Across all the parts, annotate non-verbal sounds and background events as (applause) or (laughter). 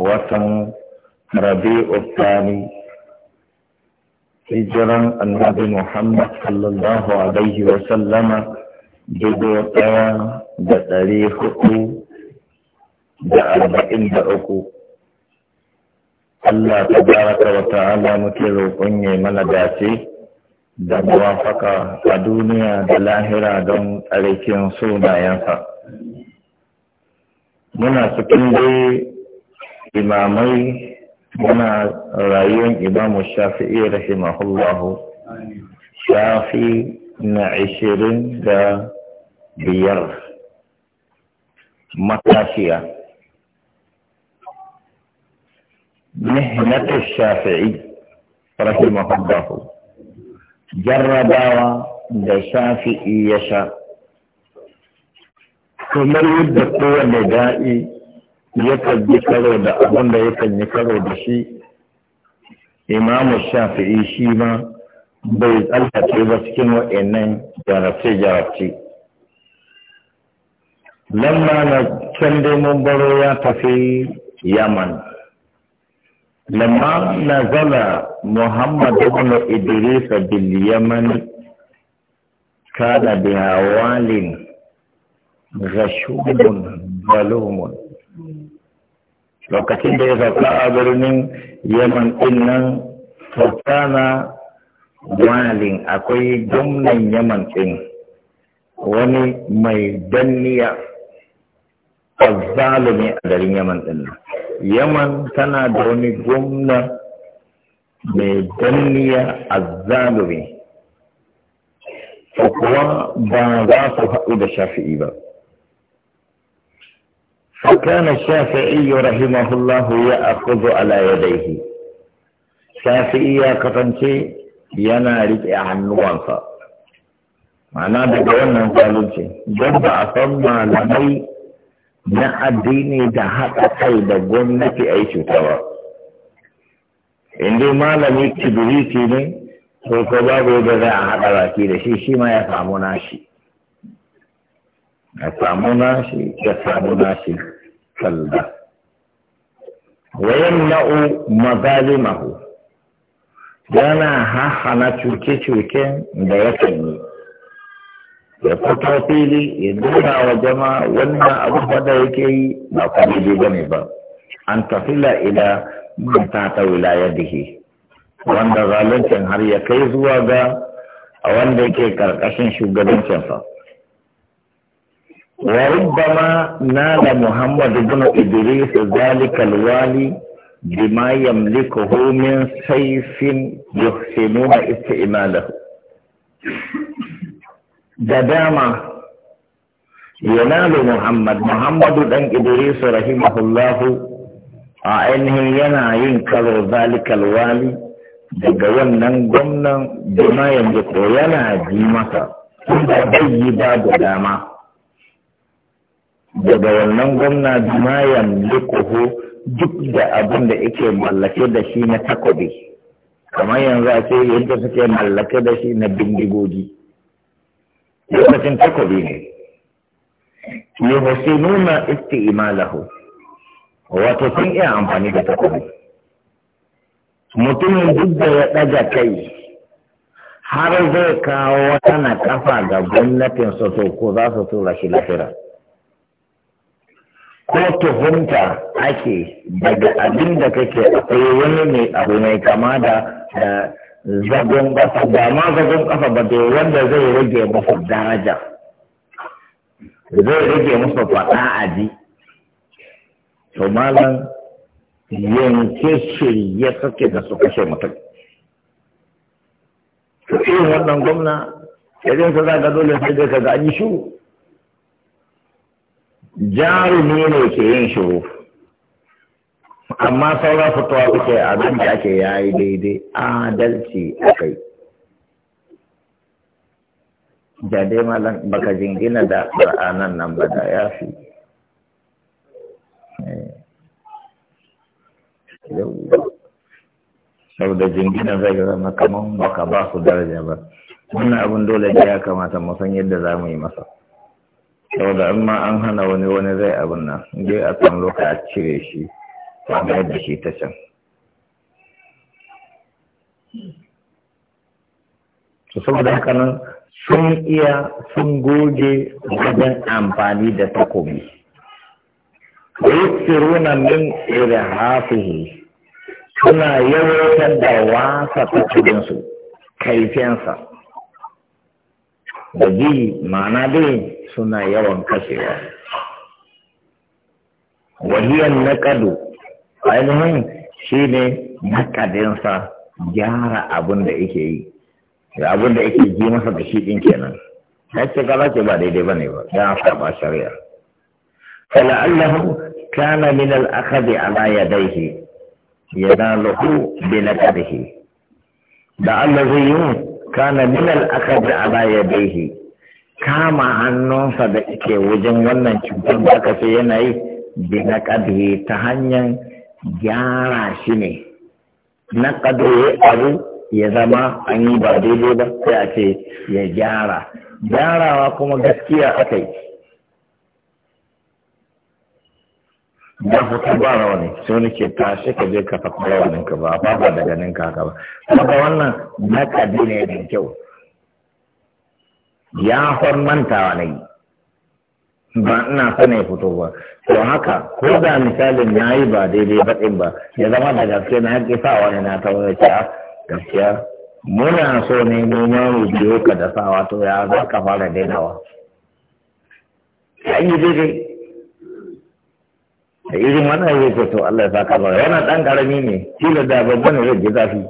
watan rabi'u tsani hijiran annabi muhammad sallallahu alaihi wa sallama dubu ɗaya da dari hudu da arba'in da uku Allah ta baraka wa ta'ala muke roƙon ya mana dace da muwafaka a duniya da lahira don tsarikin sunayensa. Muna cikin dai imamai muna rayuwar imamu shafi'i rahimahullahu shafi na ashirin da biyar matashiya مهنة الشافعي رحمه الله جرب لشافعي يشاء yadda kowane da'i yakan yi karo da abin da yakan yi karo da shi imamu shafi'i shi ma bai tsallake ba cikin wa'annan jarabce-jarabce lamma na can baro ya tafi yaman lamma na zala muhammad ibn idris bil yaman kana bi hawalin lokacin da ya sauka a birnin yaman din nan sultana walin akwai gwamnan yaman ɗin. wani mai danniya a zalumi a garin yaman din nan yaman tana da wani gwamna mai danniya azzalumi ko kuwa ba za su haɗu da shafi'i ba فكان الشافعي رحمه الله يأخذ على يديه شافعي يا كتنشي ينا رجع عن نوانسا معناه بقولنا قالوا جنب أصلا لمي na addini da haɗa kai da gwamnati a yi cutarwa. Inda malami kibiriti ne, ko ko babu yadda za a haɗa baki da shi shi ma ya Ya samu nashi, ya samu nashi. sallah wa yamna'u mazalimahu yana hahana cuke-cuke da ya yi ya fito fili ya nuna wa jama'a wannan abu da yake yi ba biyu ba ne ba an tafi ila mata ta wilaya dihi wanda zaluncin har ya kai zuwa ga a wanda yake karkashin shugabancinsa وربما نال محمد بن إدريس ذلك الوالي بما يملكه من سيف يحسنون استعماله دداما ينال محمد محمد بن إدريس رحمه الله أنه ينا ينكر ذلك الوالي daga wannan gwamnan jima yanzu ko yana ji masa tun da bai yi babu dama daga wannan gwamna ma yamlikuhu duk da abin da yake mallake da shi na takobi kamar yanzu a ce yadda suke mallake da shi na bindigogi lokacin takobi ne nuna yuhsinuna imalahu wato sun iya amfani da takobi mutumin duk da ya ɗaga kai har zai kawo wata na kafa ga gwamnatin su ko za su tura shi lafira. ko tuhunta ake daga abin da kake akwai wani mai abu mai kama da zagon kafa ba ma zagon kafa ba da wanda zai rage masa daraja zai rage masa faɗa a ji to malam yanke shirye kake da su kashe mutum to irin wannan gwamna irin ka za ka dole sai dai ka ga an yi shuru jarumi ne ke yin shiru amma sauran fitowa suke abin da ake yayi daidai adalci a kai da malam baka jingina da ra'anan nan ba da ya fi eh. sau jingina zai zama kamar baka ba su daraja ba wannan abin dole ne ya kamata mu yadda za mu yi masa saboda in ma an hana wani wani zai abin nan je a kan loka a cire shi ba mai da shi ta can to saboda haka sun iya sun goge wajen amfani da takobi yusiruna min irhafihi suna yawaitar da wasa takobinsu kaifiyansa da ji ma'ana dai suna yawan kashewa na kado, ainihin shi ne naƙadinsa gyara abin da yake yi da abin da yake ji masa da shi ɗin kenan ya ce gaba ce ba daidai ba ne ba ya ba shari'a Allahu kana min al al'akadi ala yadaihi yanaluhu bi naqadihi da Allah zai yi kana min al al'akadi ala yadayhi kama hannunsa da ke wajen wannan cutar da aka ce yanayi bi na ta hanyar gyara shi ne na ƙadiri abu ya zama an yi ba daidai ba sai a ce ya gyara gyarawa kuma gaskiya aka yi da hutu ba rawani sai ke tashi ka je ka faɗi wani ka ba ba daga ninka ka ba Kuma wannan na ne da kyau ya san mantawa na yi ba ina sanai ya fito ba to haka ko da misalin na yi ba daidai baɗin ba ya zama da gaske na haƙi sa wani na ta wani ce ah, gaskiya muna so ne mu ma mu biyo ka da sawa to ya za ka fara dainawa ya yi daidai da irin wannan ya ce to Allah ya saka ba yana ɗan ƙarami ne shi da da babban zai ji zafi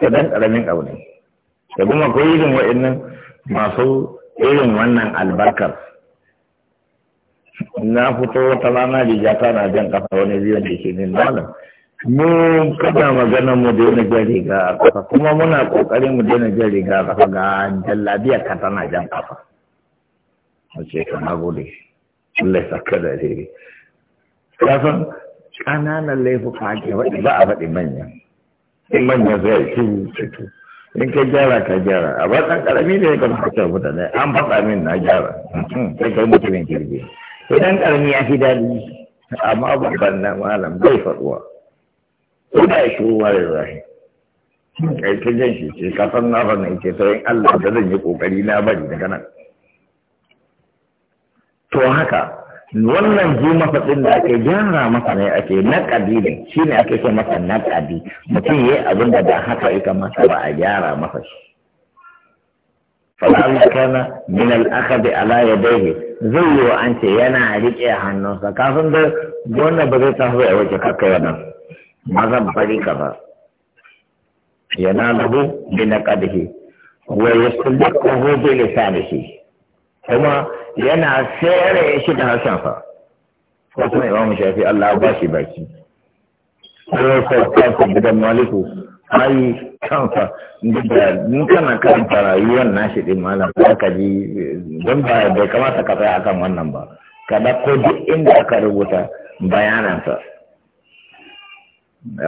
ta ɗan ƙaramin abu ne da kuma ko irin wa'annan masu irin wannan albarkar na fito wata rana riga tana jan kafa wani biyu da ke nin malam mu kada magana mu daina jan riga a kafa kuma muna kokari mu daina jan riga a kafa ga jallabiya ka tana jan kafa a ce ka na gode Allah ya Ka da riri kafin ƙananan laifuka ake waɗanda ba a faɗi manyan in manyan zai ci cutu in ka gyara ka gyara a ba karami ƙarami ne ka fasa mutane an fasa min na gyara hmm, sai kai mutumin kirge idan karami ya fi daɗi amma babban na malam bai faɗuwa ko da ya ruwa da rahi hmm, kai ka jan shi ce ka san na fannin ce to Allah da zan yi ƙoƙari na bari daga nan to haka wannan ji masa din da ake gyara masa ne ake naƙadi ne shi ne ake ce masa naƙadi mutum ya yi abin da da haka ita masa ba a gyara masa shi fala'alla kana min al'akadi ala ya daihe zai yi wa an ce yana riƙe hannunsa kafin da wannan ba zai taso ya wuce kaka yana ba zan bari ka ba yana lahu bi naƙadihi wa yasullu ko lisanihi kuma yana fere shi da harshensa ko kuma imamu shafi Allah ba shi baki ko ko ku gidan maliku ai fa. da mun kana karanta rayuwar nashi din malam ka ji dan ba bai kamata ka tsaya akan wannan ba kada ko duk inda aka rubuta bayanansa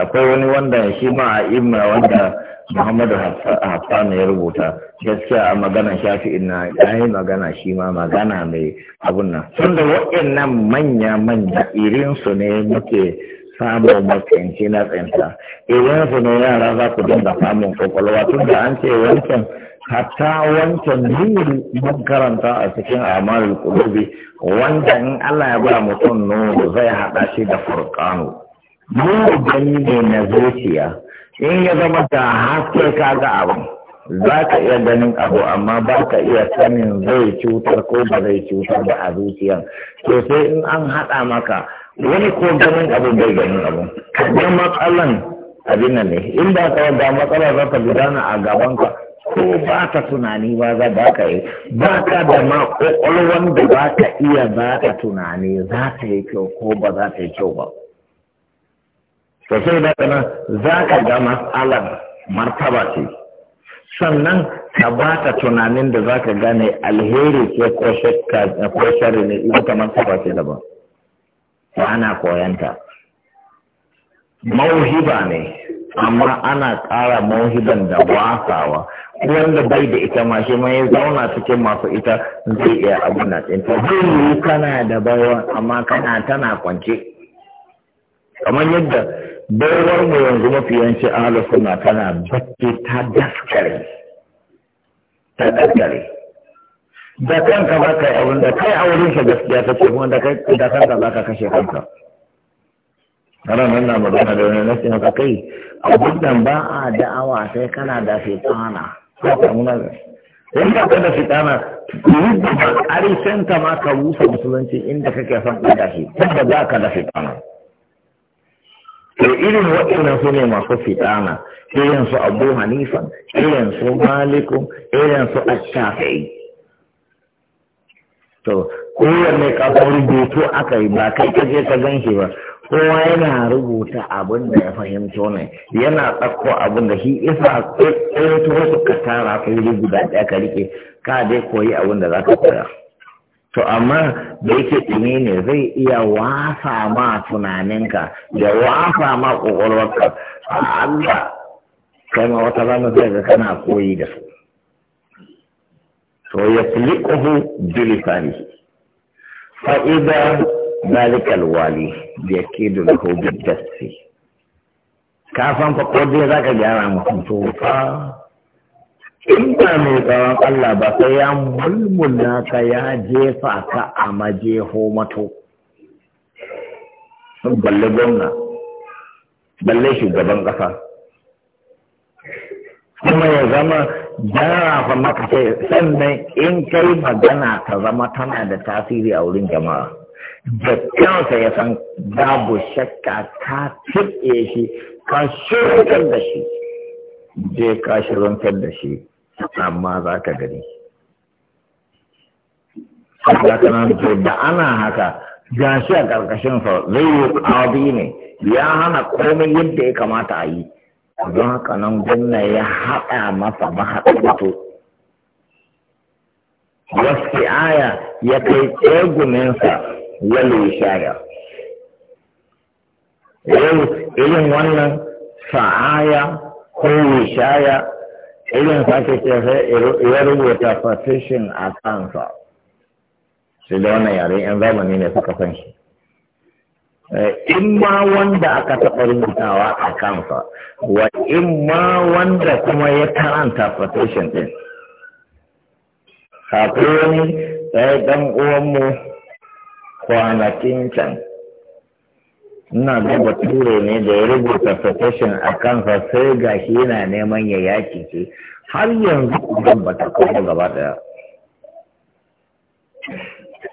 akwai wani wanda shi ma a imra wanda muhammadu hassan ya rubuta gaskiya a magana shafi ina ya yi magana shi ma magana mai abun nan tun da waɗannan manya-manya irinsu ne muke samun matsayanci na tsinta irinsu ne yara za ku dinga samun kwakwalwa tun da an ce wancan hatta wancan nuri mun karanta a cikin amalin kulubi wanda in Allah ya ba mutum nuru zai haɗa shi da furqanu nuru gani ne na zuciya in ya zama da haske kaga abin za ka iya ganin abu amma ba ka iya sanin zai cutar ko ba zai cutar ba a zuciya to sai in an haɗa maka wani ko ganin abu bai ganin abu don matsalan abin nan ne in ba ka da matsala za ka gudana a gaban ka ko ba ka tunani ba za ba ka yi ba ka da ma ƙwaƙwalwan da ba ka iya ba ka tunani za ta yi kyau ko ba za ta yi kyau ba. Sosai da kana za ka ga matsalar martaba ce. sannan ka ba tunanin da za ka gane alheri ke ko shari ne ko kamar ba ce daban ba ana koyanta mauhiba ne amma ana ƙara mauhiban da wasawa wanda bai da ita ma shi mai zauna cikin masu ita zai iya abu na tsinta zai kana da baiwa amma kana tana kwance kamar yadda baiwar mu yanzu mafi yanci ahalar suna tana bakke ta daskare ta daskare da kanka ba ka yi abin da kai a wurin gaskiya ta ce kuma da kai da kanka za ka kashe kanka ranar na magana da wani nasi na kai abin nan ba a da'awa sai kana da fitana ka muna da in ka ka da fitana yi da ma ka rusa musulunci inda kake son ɗaga da shi tunda za ka da fitana to irin waɗannan su ne masu fitana irin su abu hanifa irin su maliku irin su ashafi'i to kowanne kafin rubutu aka yi ba kai kaje ka gan shi ba kowa yana rubuta abin da ya fahimto ne yana tsakko abin da shi isa ƙirƙirto su ka tara kai guda ɗaya ka rike ka dai koyi abin da za ka koya. to amma da yake ɗumi ne zai iya wasa ma tunaninka ya wasa ma ƙwaƙwalwarka a Allah kai ma wata rana zai ga kana koyi da su to ya filiƙuhu bilisani fa'ida dalikal wali ya ke dulhu Ka san fa ko za zaka gyara mutum to in ba mai tsawon Allah ba sai ya mulmula ka ya jefa ka a majeho mato balle gwamna balle shugaban ƙasa kuma ya zama jarafa maka sai sannan in kai magana ta zama tana da tasiri a wurin jama'a da kansa ya san babu shakka ka tiɗe shi ka shirin da shi je ka da shi amma za ka gani da ana haka gashi a ƙarƙashin sa zai yi abu ne ya hana komai yadda ya kamata a yi don haka nan gwamna ya haɗa masa mahaɗato wasu aya ya kai tseguminsa ya shaya yau irin wannan sa'aya ko wishaya irin sake ke sai ya rubuta partition a kansa sai da wannan yare yan zamani ne suka san shi eh, in ma wanda aka taɓa rubutawa a kansa wa in ma wanda kuma ya karanta partition ɗin kafin wani ɗaya eh, ɗan uwanmu kwanakin can ina duba ture ne da ya rubuta petition a kansa sai shi yana neman ya yaki ce har yanzu idan ba ta kawo gaba daya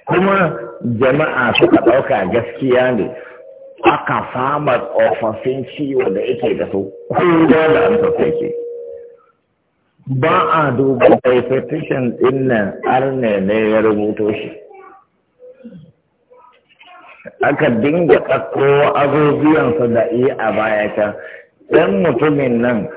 kuma jama'a suka ɗauka gaskiya ne aka fama tsofaffin ciwo da yake da su kuma da an ke ba a duba petition ɗin nan arne ne ya rubuto shi aka dinga ɗauko abubuwansa da iya a baya can ɗan mutumin nan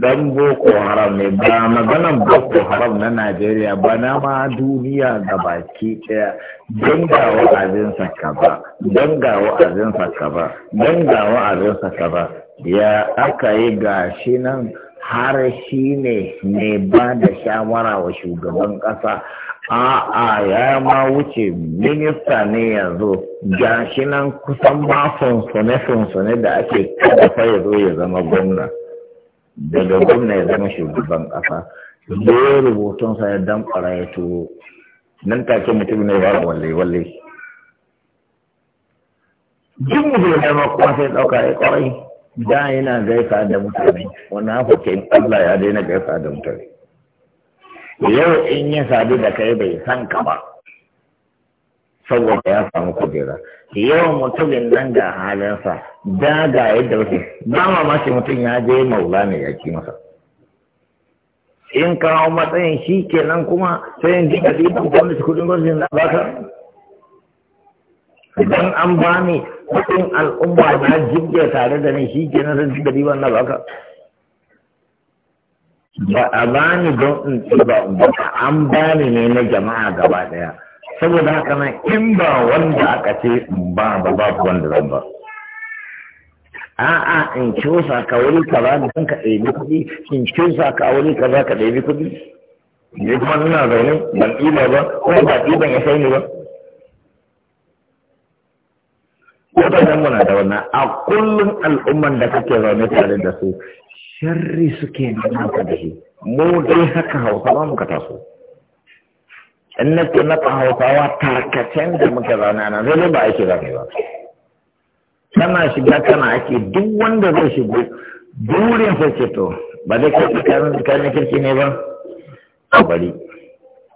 ɗan boko haram ne ba maganan boko haram na najeriya ba na ma duniya ga baki ɗaya. don ga wa'azin saka ba don ga wa'azin saka ba don ga wa'azin saka ba ya aka yi gashi nan har shi ne mai ba da shawara wa shugaban ƙasa a'a ya ma wuce minista ne yanzu ga shi nan kusan ma sunsune sunsune da ake kada ya zo ya zama gwamna daga gwamna ya zama shugaban ƙasa zai rubutunsa ya damfara ya turo nan take mutum ne ba walle-walle jin mu ne ma kuma sai ɗauka ya ƙwarai da yana gaisa da mutane wani haka ke Allah ya daina gaisa da mutane yau in ya sadu da kai bai san ka ba saboda ya samu kujera yau mutumin nan ga halinsa da ga yadda wasu ba mamaki mutum ya je maula ne ya ki masa in kawo matsayin shi kenan kuma sai in ji ɗari ɗan gwamnati kudin gwamnati na baka idan an bani kuɗin al'umma na jibge tare da ni shi ke na san ci da riban na baka ba a bani don in ci ba an bani ne na jama'a gaba ɗaya saboda haka nan in ba wanda aka ce ba ba ba wanda zan ba a'a in cusa ka wuri kaza don ka ɗebi kuɗi in cusa ka wuri za ka ɗebi kuɗi Ni kuma ina zaune ban ɗiba ba kuma ba ɗiban ya sai ni ba Wadannan muna da wannan a kullum al'umman da kake zaune tare da su sharri suke nuna da shi mu dai haka hausawa muka taso in na ce maka hausawa tarkacen da muka zaune ana zai sai ba ake zaune ba kana shiga kana ake duk wanda zai shigo burin sai ce to ba zai kai tsakanin kirki ne ba a bari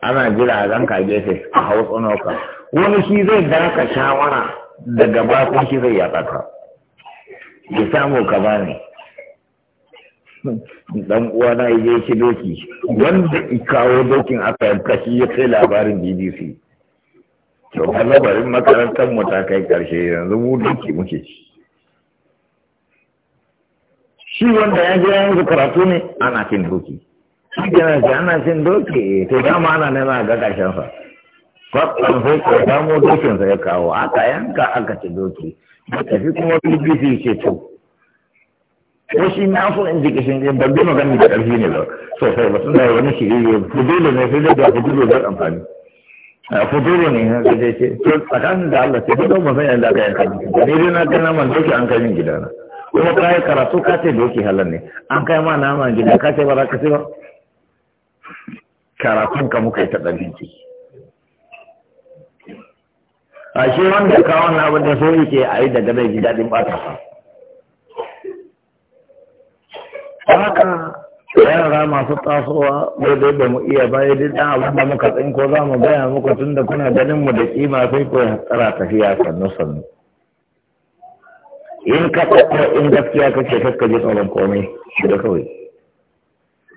ana jira a zanka gefe a hausa nauka wani shi zai daka shawara daga bakon shi zai yaɗa ka ya samu ka ba ne dan uwa na je shi doki wanda i kawo dokin aka yanka shi ya kai labarin bbc to har labarin makarantar mu ta kai karshe yanzu mu doki muke ci shi wanda ya je yanzu karatu ne ana cin doki shi ana cin doki to dama ana nema ga karshen sa kwakwal sai ka samo dokinsa ya kawo aka yanka aka ci doki da tafi kuma bbc ce to ko shi na so in ji kishin jin eh, babbi magana da ƙarfi ne ba sosai ba suna wani shirye fudulu ne sai da fudulu don amfani ah, fudulu ne na gaje ce to tsakanin da Allah sai fudulu ba san yadda aka yanka jiki ba ni dai na ga naman doki an kai min gidana kuma ka yi karatu ka ce doki halar ne an kai ma na naman gida ka ce ba za ka ce ba karatun ka muka yi ta ɗan ciki a shi wanda ya kawo wannan abin da so yake a yi daga zai ji ɓata ba ta haka yara masu tasowa zai da mu iya bayan duk ɗan abin da muka tsin ko za mu gaya muku tun da kuna ganin mu da kima sai ko tsara tafiya sannu sannu in ka tsakar in gaskiya kake kakka ji tsoron komai shi da kawai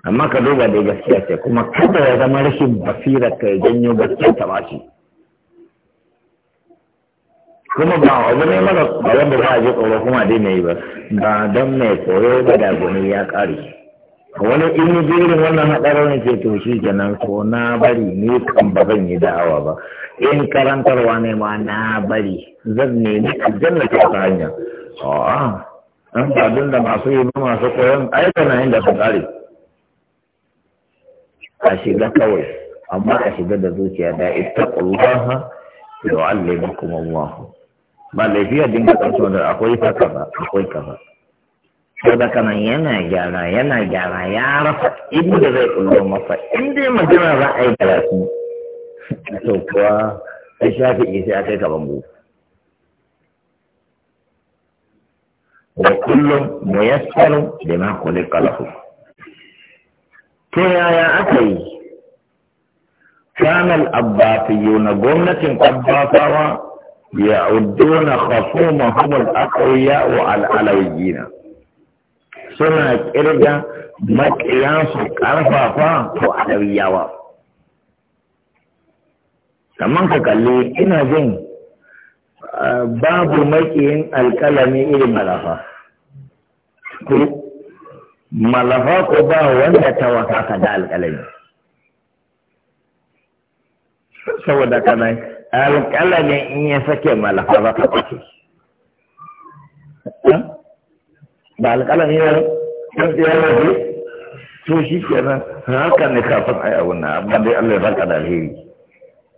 amma ka duba dai gaskiya ce kuma kada ya zama rashin basira ka janyo gaskiya ta ba shi kuma ba abu ne mara bayan da za a je tsoro kuma dai mai ba ba don mai koyo da dagoni ya kare wani in yi wannan wannan ne ce to shi kenan ko na bari ni kan ba zan yi da'awa ba in karantarwa ne ma na bari zan nemi a ta ta hanya a'a an ba don da masu yi ba masu koyon aikana inda sun kare a shiga kawai amma a shiga da zuciya da ita ha yau allai ba kuma Allah. ba laifi a dinga kanto da akwai fa kaza akwai kaza sai da kana yana gyara yana gyara ya rasa inda zai kullo masa in dai magana za a yi karatu to kuwa sai shafi sai akai ka bango wa kullum muyassaru lima khuliqa lahu to yaya aka yi kana al-abbasiyuna gwamnatin abbasawa ya'udduna khasumahum al-aqwiya wa al suna kirga makiyansu karfafa to alawiyawa kamar ka kalli ina jin babu makiyin alkalami irin malafa malafa ko ba wanda ta wasa da alkalami saboda kanai alƙalamin in ya sake malafa ba ka ɓace ba alƙalami ya kan ya na ce to shi ke nan haka ne kafin a yi abu na amma dai Allah ya baka da alheri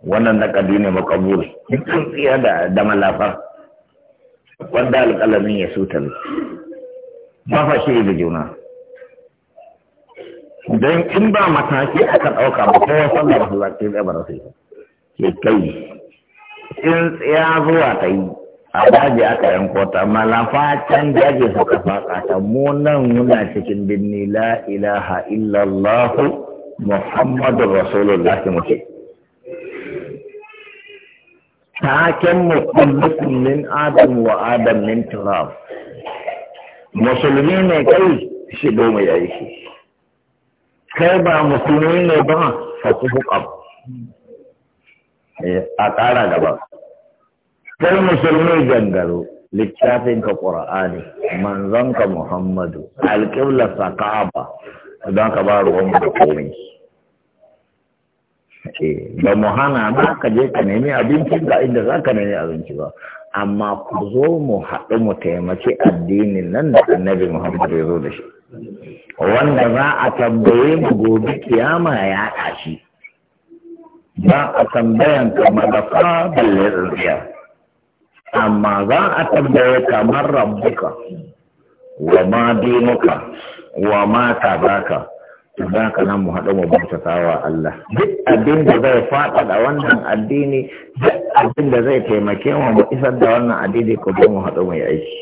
wannan na ƙadi ne makabul kan tsaye da malafa wanda alƙalamin ya sutar ba fa shiri da juna don in ba mataki aka ɗauka ba kowa sallar masallaci ɗaya ba rasa ke kai in tsaya zuwa ta yi a daji aka yanko ta malafa can daji suka faƙa ta mu nan muna cikin binni la ilaha illallah muhammadu rasulullah ki muke taken mu musulmin min adam wa adam min turab musulmi ne kai shi ya yayi shi kai ba musulmi ne ba fa ku Eh, a ƙara gaba kai musulmi gangaro littafin ka ƙura'ani manzon ka muhammadu alƙibla sakaba don ka ba ruwan da komai eh, ba mu hana ba ka je ka nemi abincin ka inda za ka nemi abinci ba amma ku zo mu haɗu mu taimaki addinin nan da annabi Muhammadu ya zo da shi wanda za a tambaye mu gobe kiyama ya yaɗa shi Za a tambayan ka madafa balle amma za a tambaye ka man rabbuka wa ma dinuka wa ma tabaka za ka nan mu haɗu mu bautata wa Allah duk abin da zai faɗaɗa wannan addini duk abin da zai taimake mu mu isar da wannan addini ko mu haɗu mu yi aiki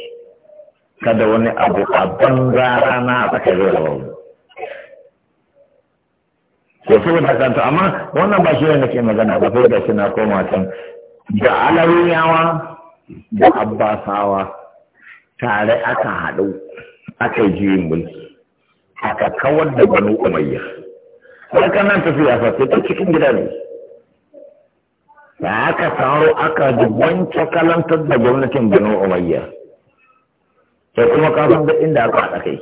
kada wani abu a banza rana a tsakar yau sai su da kanta amma wannan ba shi ne ke magana ba sai da shi na koma can da alawiyawa da abbasawa tare aka haɗu aka yi yin mulki aka kawar da banu umayya harkar nan tafiya fa sai ta cikin gida ne da aka taro aka ji wanke kalantar da gwamnatin banu umayya sai kuma kafin da inda aka haɗa kai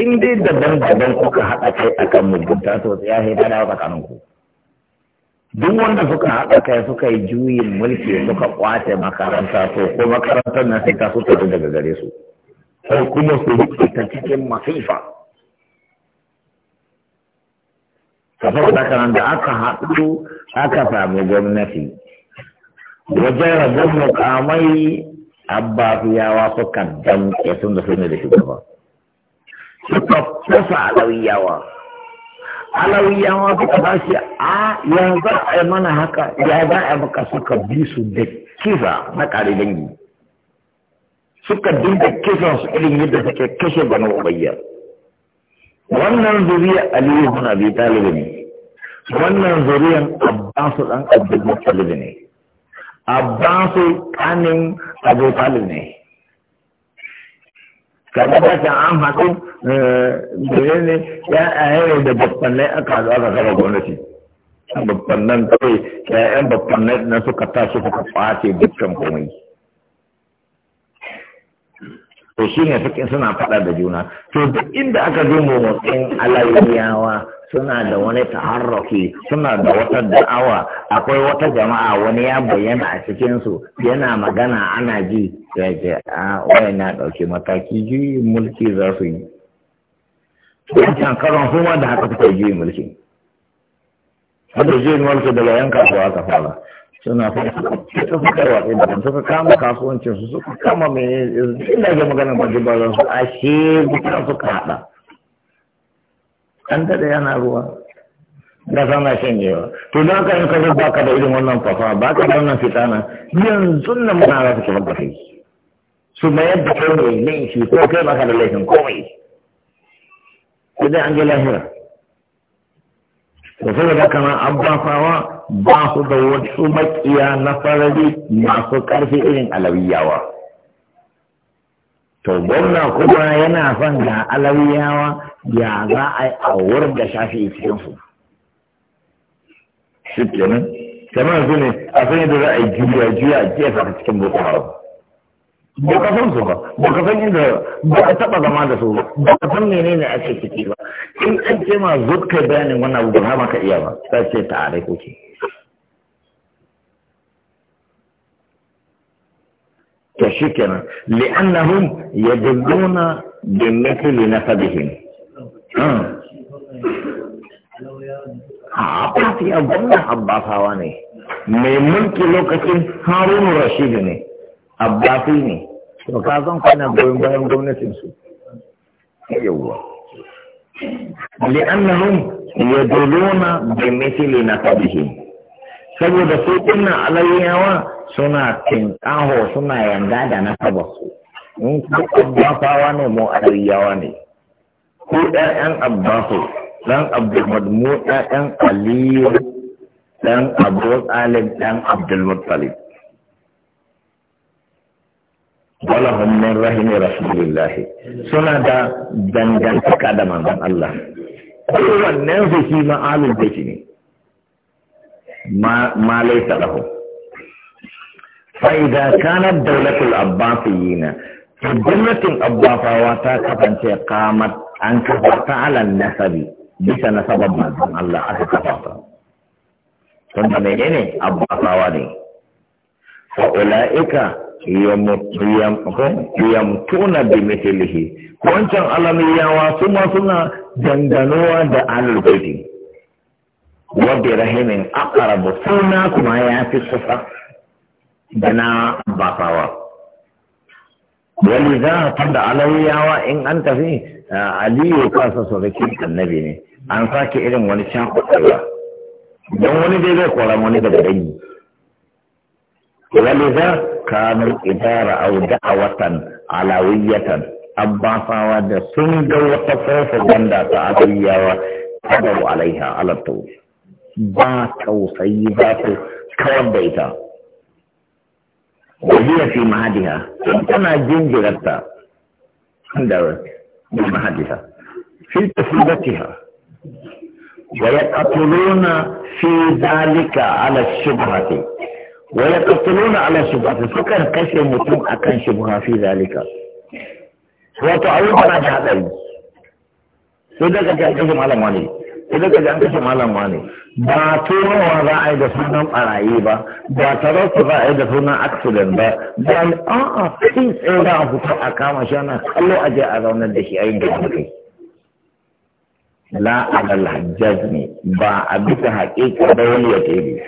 in dai daban-daban kuka haɗa kai a kan mugunta to ya sai ta dawo ku duk wanda suka haɗa kai suka yi juyin mulki suka kwace makaranta to ko makarantar na sai ta su tafi daga gare su ko kuma su yi ta cikin masifa fara da da aka haɗu aka samu gwamnati wajen rabon mukamai abbafiyawa suka damƙe sun da sun da shugaba suka kusa alawiyawa alawiyawa suka ba shi a ya za a yi mana haka ya za a maka suka bi su da kisa na kare dangi suka dinga kisan su irin yadda suke kashe banu ubayya wannan zuriya aliyu suna Bi talib ne wannan zuriyan abbasu ɗan abdul muttalib ne abbasu kanin abu talib ne kaga da ta an haɗu eh, da ne ya ayyana da babban nan aka haɗu aka kafa gwamnati babban nan kawai ƴaƴan babban nan na suka ta tashi suka kwace dukkan komai to shi ne suke suna faɗa da juna to duk inda aka je motsin alayyawa suna da wani taharraki suna da wata da'awa akwai wata jama'a wani ya bayyana a cikinsu yana magana ana ji sai ce a wani na ɗauki mataki juyin mulki za su yi wancan karon kuma da haka suka juyin mulki wadda juyin mulki da yan kasuwa aka fara suna fara suka yi watsi da suka kama kasuwancin su suka kama mai ina ga maganar bajin bazan su a shi gudan suka haɗa an daɗe yana ruwa da sana shan yawa to don haka yi kasar baka da irin wannan fafa baka da wannan fitana yanzu nan muna rasa su kiran su mayar da kai mai shi, ko kai maka da laifin komai sai dai an ji lahira da saboda kana abbasawa ba su da wasu makiya na farari masu karfi irin alawiyawa to gwamna kuma yana son ga alawiyawa ya za a yi wurin da shafi cikin su shi kenan kamar su ne a sanya da za a yi juya juya jefa cikin bukawa ba ka san su ba ba ka san inda ba ka taba zama da su ba ba ka san menene ake ciki ba in an ce ma zo kai bayanin wannan abu ba maka iya ba ta ce tare kuke to shikenan li'annahum yadulluna bi mithli nasabihim a ba fi abunan abbasawa ne mai mulki lokacin harun rashid ne abbasi ne to ka zan kwana goyon bayan gwamnatin su yawwa da yaduluna bi mithli naqabihim saboda su kunna alayyawa suna tinkaho suna yanda da su. in ku abbasawa ne mu alayyawa ne ku ɗayan abbasu ɗan mu ɗayan aliyu ɗan abu ɗalib ɗan abdulmuttalib walahum min rahimi rasulillah suna da dangantaka da manzon Allah kowannen su shi ma alul baiti ne ma ma laysa lahu fa idza kanat dawlatul abbasiyina to gwamnatin abbasawa ta kasance qamat an kafa ta ala nasabi bisa nasabar manzon Allah aka kafa ta tunda menene abbasawa ne fa ulaika yamtuna bi mithlihi wancan alamiyawa su ma suna danganuwa da alul baiti wa bi rahimin aqrabu suna kuma ya fi sufa da na bafawa wani za a fada alawiyawa in an tafi aliyu kasa surakin annabi ne an sake irin wani shan kwakwalwa don wani dai zai koran wani daga dangi wani za kanu idara au da'awatan alawiyatan abbasawa da sun ga wata propaganda ta alawiyawa kadaru alaiha ala tauhid ba tausayi ba su kawar da ita wajiya fi mahadiha tana jinjirarta da mahadiha fi tasiratiha wa yaqtuluna fi dhalika ala shubhati wa yaqtuluna ala Su sukan kashe mutum a akan shubha fi zalika wato abu bana da hadari sai daga ga kashe malam wani da daga ga kashe malam wani ba turowa za a yi da sunan barayi ba ba tarauta za a yi da sunan accident ba da a'a sai tsaye za a fito a kama shi ana kallo a je a zaunar da shi a yin da kai la alal ne ba a bisa haƙiƙa da wani ya kai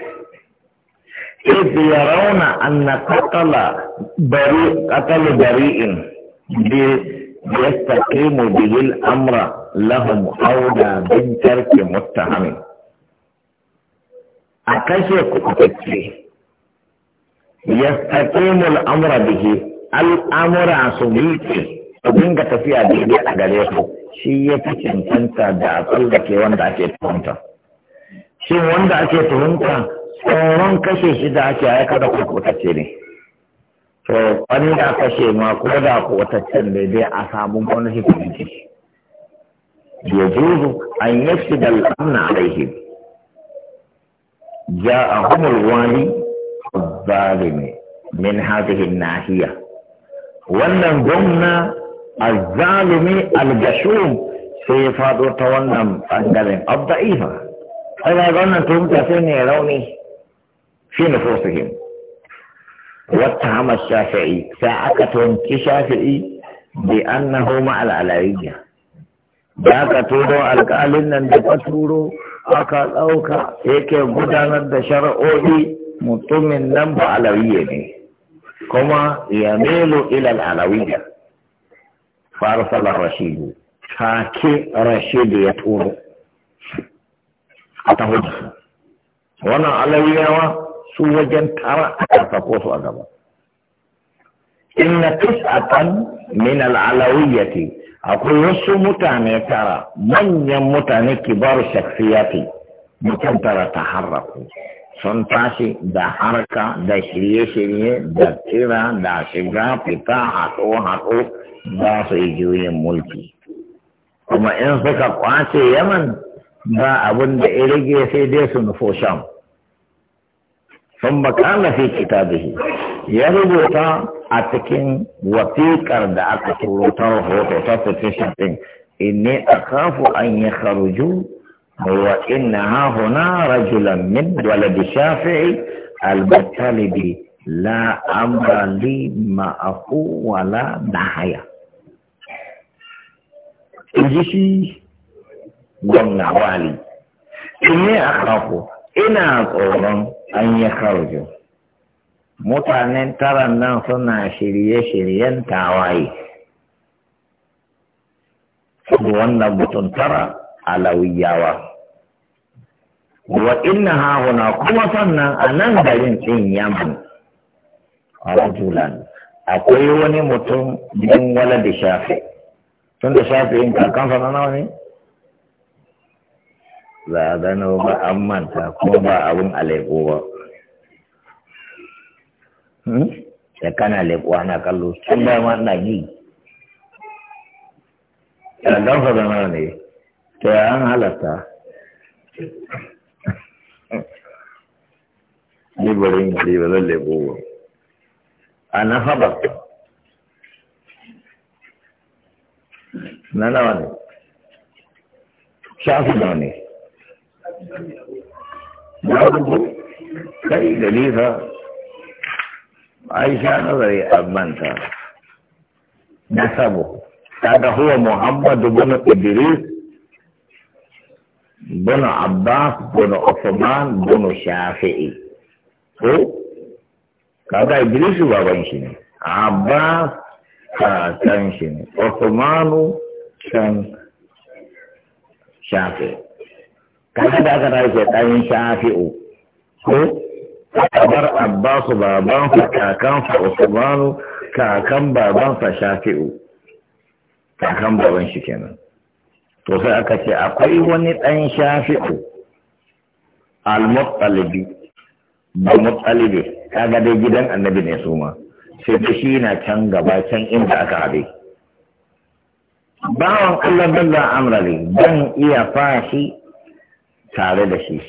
إذ يرون أن قتل بريء قتل بريء يستقيم به الأمر لهم أولى من ترك متهم أكشف كتبتي يستقيم الأمر به الأمر سبيكي abin ga tafiya daidai a gare ku shi ya fi cancanta da a tsallake wanda ake tuhunta shin wanda ake tuhunta tsoron kashe shi da ake aika da kwatacce ne to wani da kashe ma ko da kwataccen ne dai a samu wani hukunci ya juzu an yi shi da al'amna a جاءهم wani zalimi min hazihin nahiya wannan gwamna azzalumi algashum sai ya faɗo ta wannan ɓangaren abda'ifa ai ga wannan tumta sai ne rauni في نفوسهم واتهم الشافعي ساعكتهم كشافعي بأنه مع العلوية ذاك تورو nan da تورو aka ɗauka yake gudanar da shara'oi mutumin nan ba alawiye ne kuma ya melo ilal alawiya farsalar rashidu take rashidu ya turo a ta wannan alawiyawa su wajen tara a sako su a gaba inna tis'atan min al'alawiyyati akwai wasu mutane tara manyan mutane kibaru shakhsiyati mutum tara ta harraku sun tashi da harka da shirye-shirye da tsira da shiga fita haɗo-haɗo za su yi juyin mulki kuma in suka kwace yaman ba abin da ya rage sai dai su nufo sham ثم كان في كتابه يرد تا أتكين وتيكر دا أكتور ترهوت تفتشن إني أخاف أن يخرجوا وإن ها هنا رجلا من ولد الشافعي المطالبي لا أمر لي ما اخو ولا نهاية إجيشي ومن والي إني أخاف إنا أقول an yi karjo mutanen taron nan suna shirye-shiryen tawaye da wannan mutum tara alawiyawa wa inna hahuna kuma sannan a nan garin ɗin a rajulan akwai wani mutum din wala da shafi tun da shafi yin kakansa na nawa ne za a gano ba an manta kuma ba abin a laiko ba hmm? da kana laiko ana kallo sun da ma na yi? ɗan fa zama ne to an halatta ni barin gari ba zan laiko ba a na na nawa ne shafi na ne na rubu kai galifa aisha na zai abmanta na sabo kaga huwa muhammadu bin idris bin abbas bin usman bin shafi'i ko kaga idris baban shi ne abbas kakan shi ne usmanu can shafi'i kaga da aka ke ɗan shafi'u ko kabar abbasu kakan fa usmanu kakan babansa shafi'u kakan baban shi kenan to sai aka ce akwai wani dan shafi'u al-muttalibi ba muttalibi kaga dai gidan annabi ne su ma sai da shi na can gaba can inda aka haɗe bawan Allah dalla amrali dan iya fashi tare da shi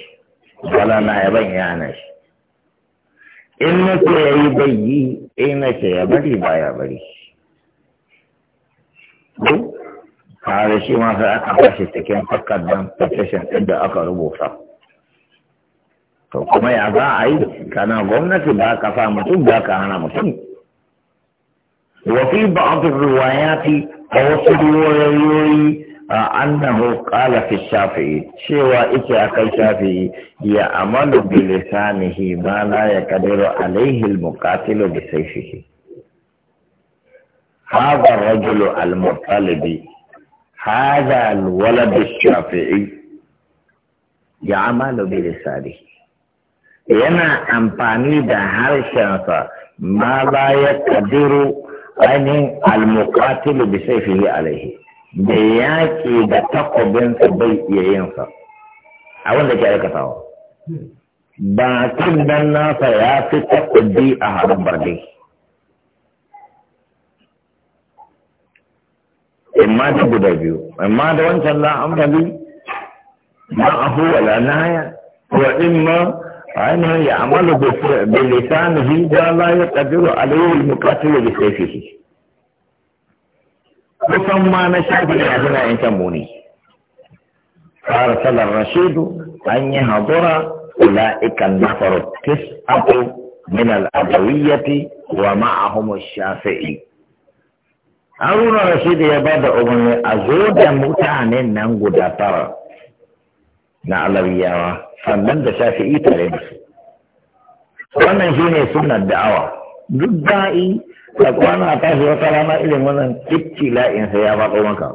wala na yaban yana shi in na ce ya yi bai yi in na ce ya bari ba ya bari tare shi ma sai aka bashi cikin takardar petition ɗin da aka rubuta to kuma ya za a yi kana gwamnati ba ka sa mutum ba ka hana mutum wafi ba ruwa ya fi a wasu ruwayoyi annahu qala fi shafi'i cewa ike akai shafi'i ya amalu bi lisanihi ma la yaqdiru alayhi al-muqatilu bi sayfihi هذا الرجل المطالب هذا الولد الشافعي يعمل بلسانه yana amfani da harshensa ma la yaqdiru ainihin al-muqatilu bi sayfihi alayhi da ke da takobinsa bai iya yinsa abin da ke aikatawa ba cin dan nasa ya fi takobi a hannun in ma da guda biyu in ma da wancan na amfani ma afu na naya wa imma ainihin ya amalu bi lisanihi da la yaqdiru alayhi al-muqatil bi sayfihi san ma na shafi ne suna yin can muni salar rashidu an yi hadura ula'ikan nafaru tis'atu min al'adawiyyati wa ma'ahum shafi'i haruna rashidu ya ba da umarni a zo da mutanen nan guda tara na alawiyawa sannan da shafi'i tare da su wannan shine sunnar da'awa duk da'i da kwana a tashi wata rana irin wannan kicci sai ya bako maka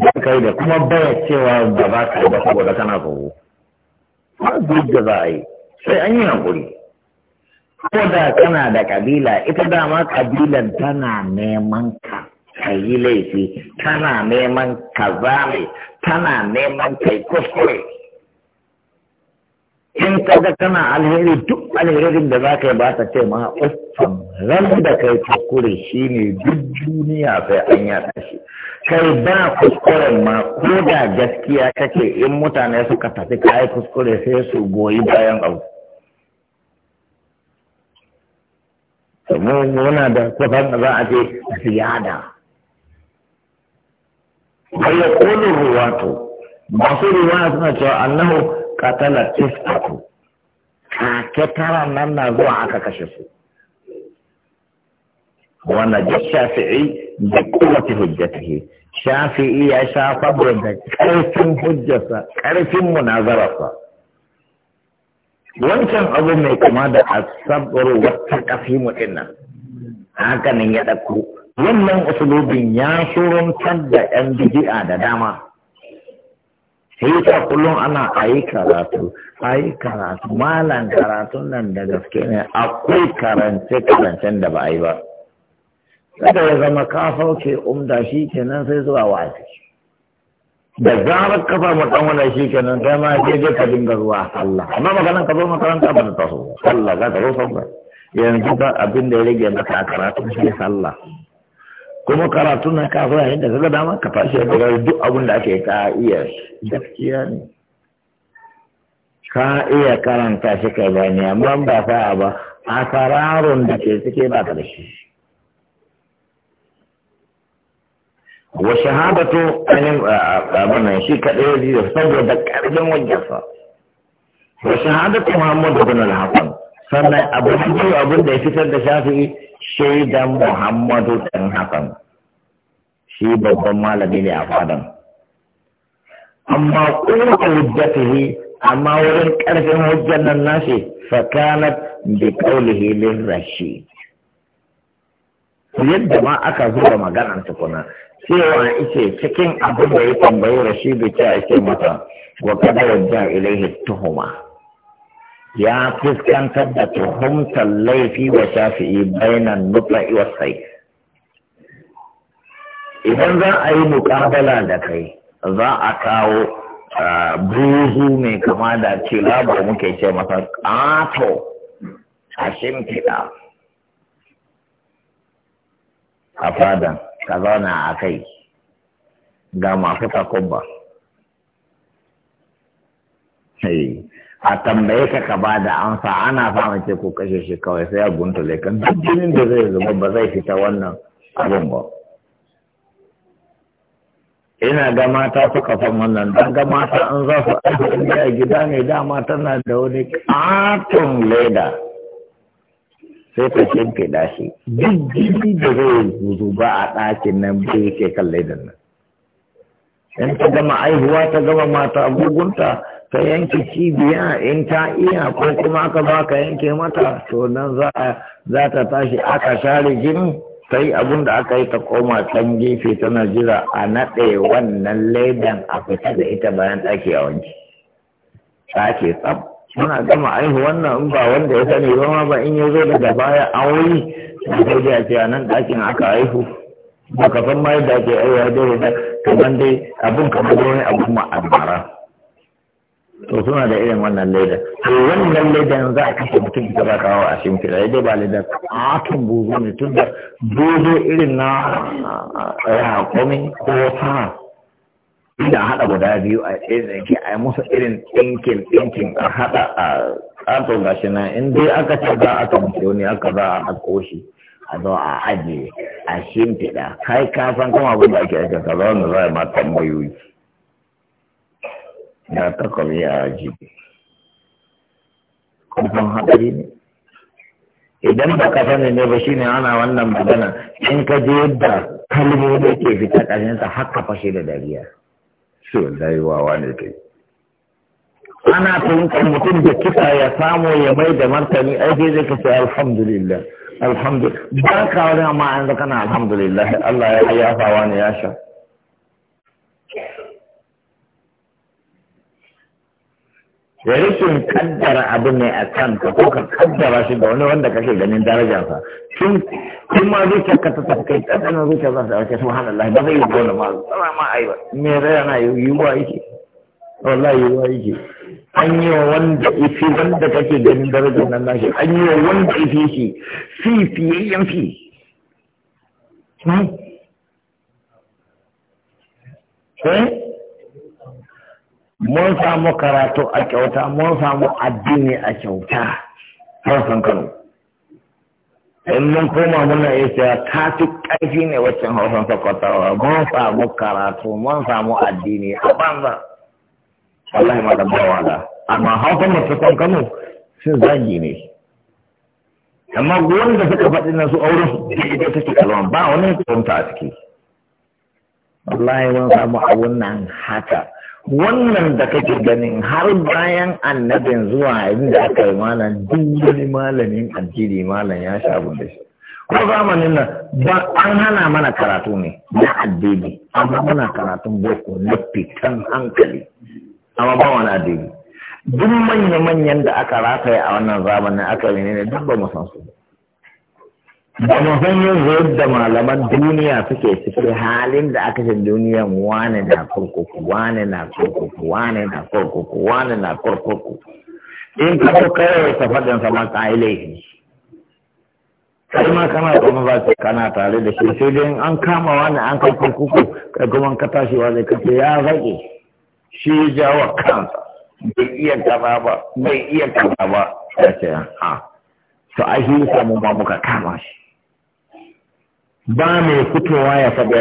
da kai da kuma baya cewa ba za ka ba saboda kana kogo har duk da za a yi sai an yi hankuri ko da kana da kabila ita dama kabilan tana neman ka ka yi laifi tana neman ka zame tana neman kai kuskure in ka ga kana alheri duk alherin da za ka yi ba ta ce ma ustan ran da kai kuskure shi ne duk duniya sai an yaɗa shi kai ba kuskuren ma ko da gaskiya kake in mutane suka tafi yi kuskure sai su goyi bayan abu muna da kusan da za a ce bayan kone ruwa to, masu ruwa suna cewa annahu katala tis'atu kake tara nan na zuwa aka kashe su wanda duk shafi'i da kowace hujjatihi shafi'i ya sha fabra da ƙarfin hujjarsa ƙarfin munazararsa wancan abu mai kama da asabar wata kafi mutum nan hakanin ya ɗauko wannan usulubin ya suruntar da 'yan bidi'a da dama hita kullum ana ayi karatu ayi karatu malan karatun nan da gaske ne akwai karance karancen da ba a yi ba kada ya zama ka sauke umda shi kenan sai zuwa wasi da zarar ka samu dan wanda shi kenan sai ma sai dai ka dinga zuwa Allah amma maganan ka zo makaranta ba ta so Allah za ka zo sallah yanzu ba abin da ya rage maka a karatu shi sallah kuma karatu na ka yayin da kaga dama ka tashi daga duk abin da ake ka iya gaskiya ne ka iya karanta shi kai bani amma ba fa'a ba a kararun da ke suke ba ka da shi wa shahadatu anin abin shi kaɗai ya da saboda ƙarfin wajensa wa shahadatu muhammad ibn al-hasan sannan abu da abin da ya fitar da shafi'i shaidan Muhammadu ɗan Hassan shi babban malami ne a fadan. Amma kuma hujjatihi amma wurin ƙarfin hujjar nan nashi fakanat bi qawlihi lirrashid yadda ma aka zo da maganar tukuna cewa ice cikin abin da ya tambayi rashidu ce ce mata wa kadar ja ilaihi tuhuma ya fuskantar da tuhumtar laifi wa shafi'i bainan nufa'i wa sai idan za a yi mukabala da kai za a kawo buzu mai kama da kilaba muke ce masa ƙato a shimfiɗa a fadan ka zauna a kai ga masu takubba a tambaye ka ka ba da amsa ana sa mace ko kashe shi kawai sai a guntule kan duk jinin da zai zuba ba zai fita wannan abin ba ina ga mata suka san wannan don ga mata an za su aiki a gida ne dama tana da wani katon leda sai ta shimfiɗa shi duk jini da zai zuba a ɗakin nan bai yake kan ledan nan in ta gama aihuwa ta gama mata gugunta. ka yanki cibiya in ta iya ko kuma ka ba ka yanke mata to nan za ta tashi aka share jini ta yi abin da aka yi ta koma can gefe tana jira a naɗe wannan ledan a fita da ita bayan ɗaki a wanki ke tsab muna gama aihu wannan in ba wanda ya sani ba ma ba in ya zo daga baya an wuri da sai a ce a nan ɗakin aka aihu ba ka san ma yadda ake aiwa dai kamar dai abin kamar wani abin ma'abara. to suna da irin wannan leda to wannan yanzu za a kashe mutum ta ba kawo a cikin kira dai ba ledan akan bozo ne tun da bozo irin na raƙumi ko sa idan haɗa guda biyu a tsinke a yi musu irin ɗinkin ɗinkin a haɗa a ƙato gashi na in dai aka ce za a kamce wani aka za a haƙo shi a zo a ajiye a shimfiɗa kai ka kuma abin da ake aikata za wanda za a ma da takobi a jibi kusan haɗari ne idan ba ka sani ne ba shine ana wannan magana in ka ji yadda kalmomi ke fita ƙarshen ta haka fashe da dariya so rayuwawa ne kai ana fahimtar mutum da kisa ya samu ya mai da martani aiki zai kace alhamdulillah alhamdulillah ba ka wani amma an zaka na alhamdulillah Allah ya yafa wani ya sha da rikin kaddara abu ne a kan ka ko ka kaddara shi da wani wanda kake ganin sa tun tun ma zuciya ka ta tafi kai tsananin zuciya za ta ɗauke subhanallah ba zai yi gona ma tsara ma ai ba me zai yana yiwuwa yake wallahi yiwuwa yake an yi wa wanda ifi wanda kake ganin darajar nan nashi an yi wa wanda ifi shi fi yan fi hmm? eh mun samu karatu a kyauta mun samu addini a kyauta hausan kano in mun koma muna iya cewa ta fi ƙarfi ne waccan hausan sakwatawa mun samu karatu mun samu addini a banza wallahi ma da bawa amma hausan mutum kano sun zagi ne amma wanda suka faɗi na su auren su da take kalwan ba wani tsoronta a ciki wallahi mun samu abun nan haka wannan da kake ganin har bayan annabin zuwa da aka yi malam duk wani malamin addini malam ya sha abin da shi ko zamanin nan ba an hana mana karatu ne na addini amma muna karatun boko na fitan hankali amma ba wani addini duk manya-manyan da aka rataya a wannan zamanin aka yi ne duk ba mu san su ba da mu san yanzu malaman duniya suke cikin halin da aka ce duniya wane na kurkuku wane na kurkuku wane na kurkuku wane na kurkuku in ka so kawai ta fadin sama ƙa'ilai ka laifi kai ma kana kuma ba ce kana tare da shi sai dai an kama wani an kai kurkuku kai kuma ka tashi wani ka ce ya zage shi ya jawo kansa bai iya kaza ba bai iya kaza ba ya ce ha to ai shi samu ba muka kama shi ba mai fitowa ya faɗi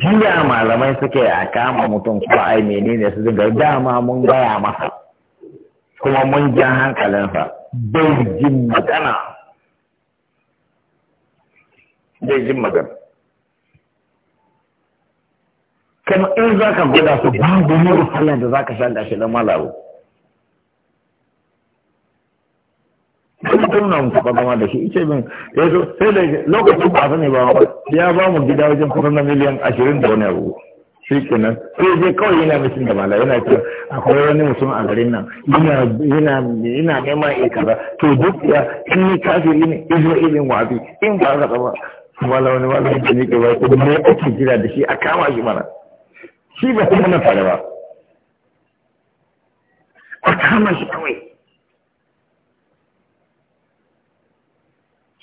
sa jiya malamai suke a kama mutum ko ai menene su dinga dama mun gaya masa kuma mun ja hankalinsa bai jin magana bai jin magana kamar in za ka gwada su babu ne wahalar da za ka sha da don malamu duk gwamna mu taɓa gama da shi ice min ya zo sai da lokacin ba sani ba ya ba mu gida wajen kusan na miliyan ashirin da wani kenan sai kawai yana mutum da mala yana cewa akwai wani mutum a garin nan yana yana neman kaza to duk ya in ni kafiri ne wabi in ba ka tsaba mala wani mala da ni ke ba ko me ake jira a kama shi mana shi ba fara ba a kama shi kawai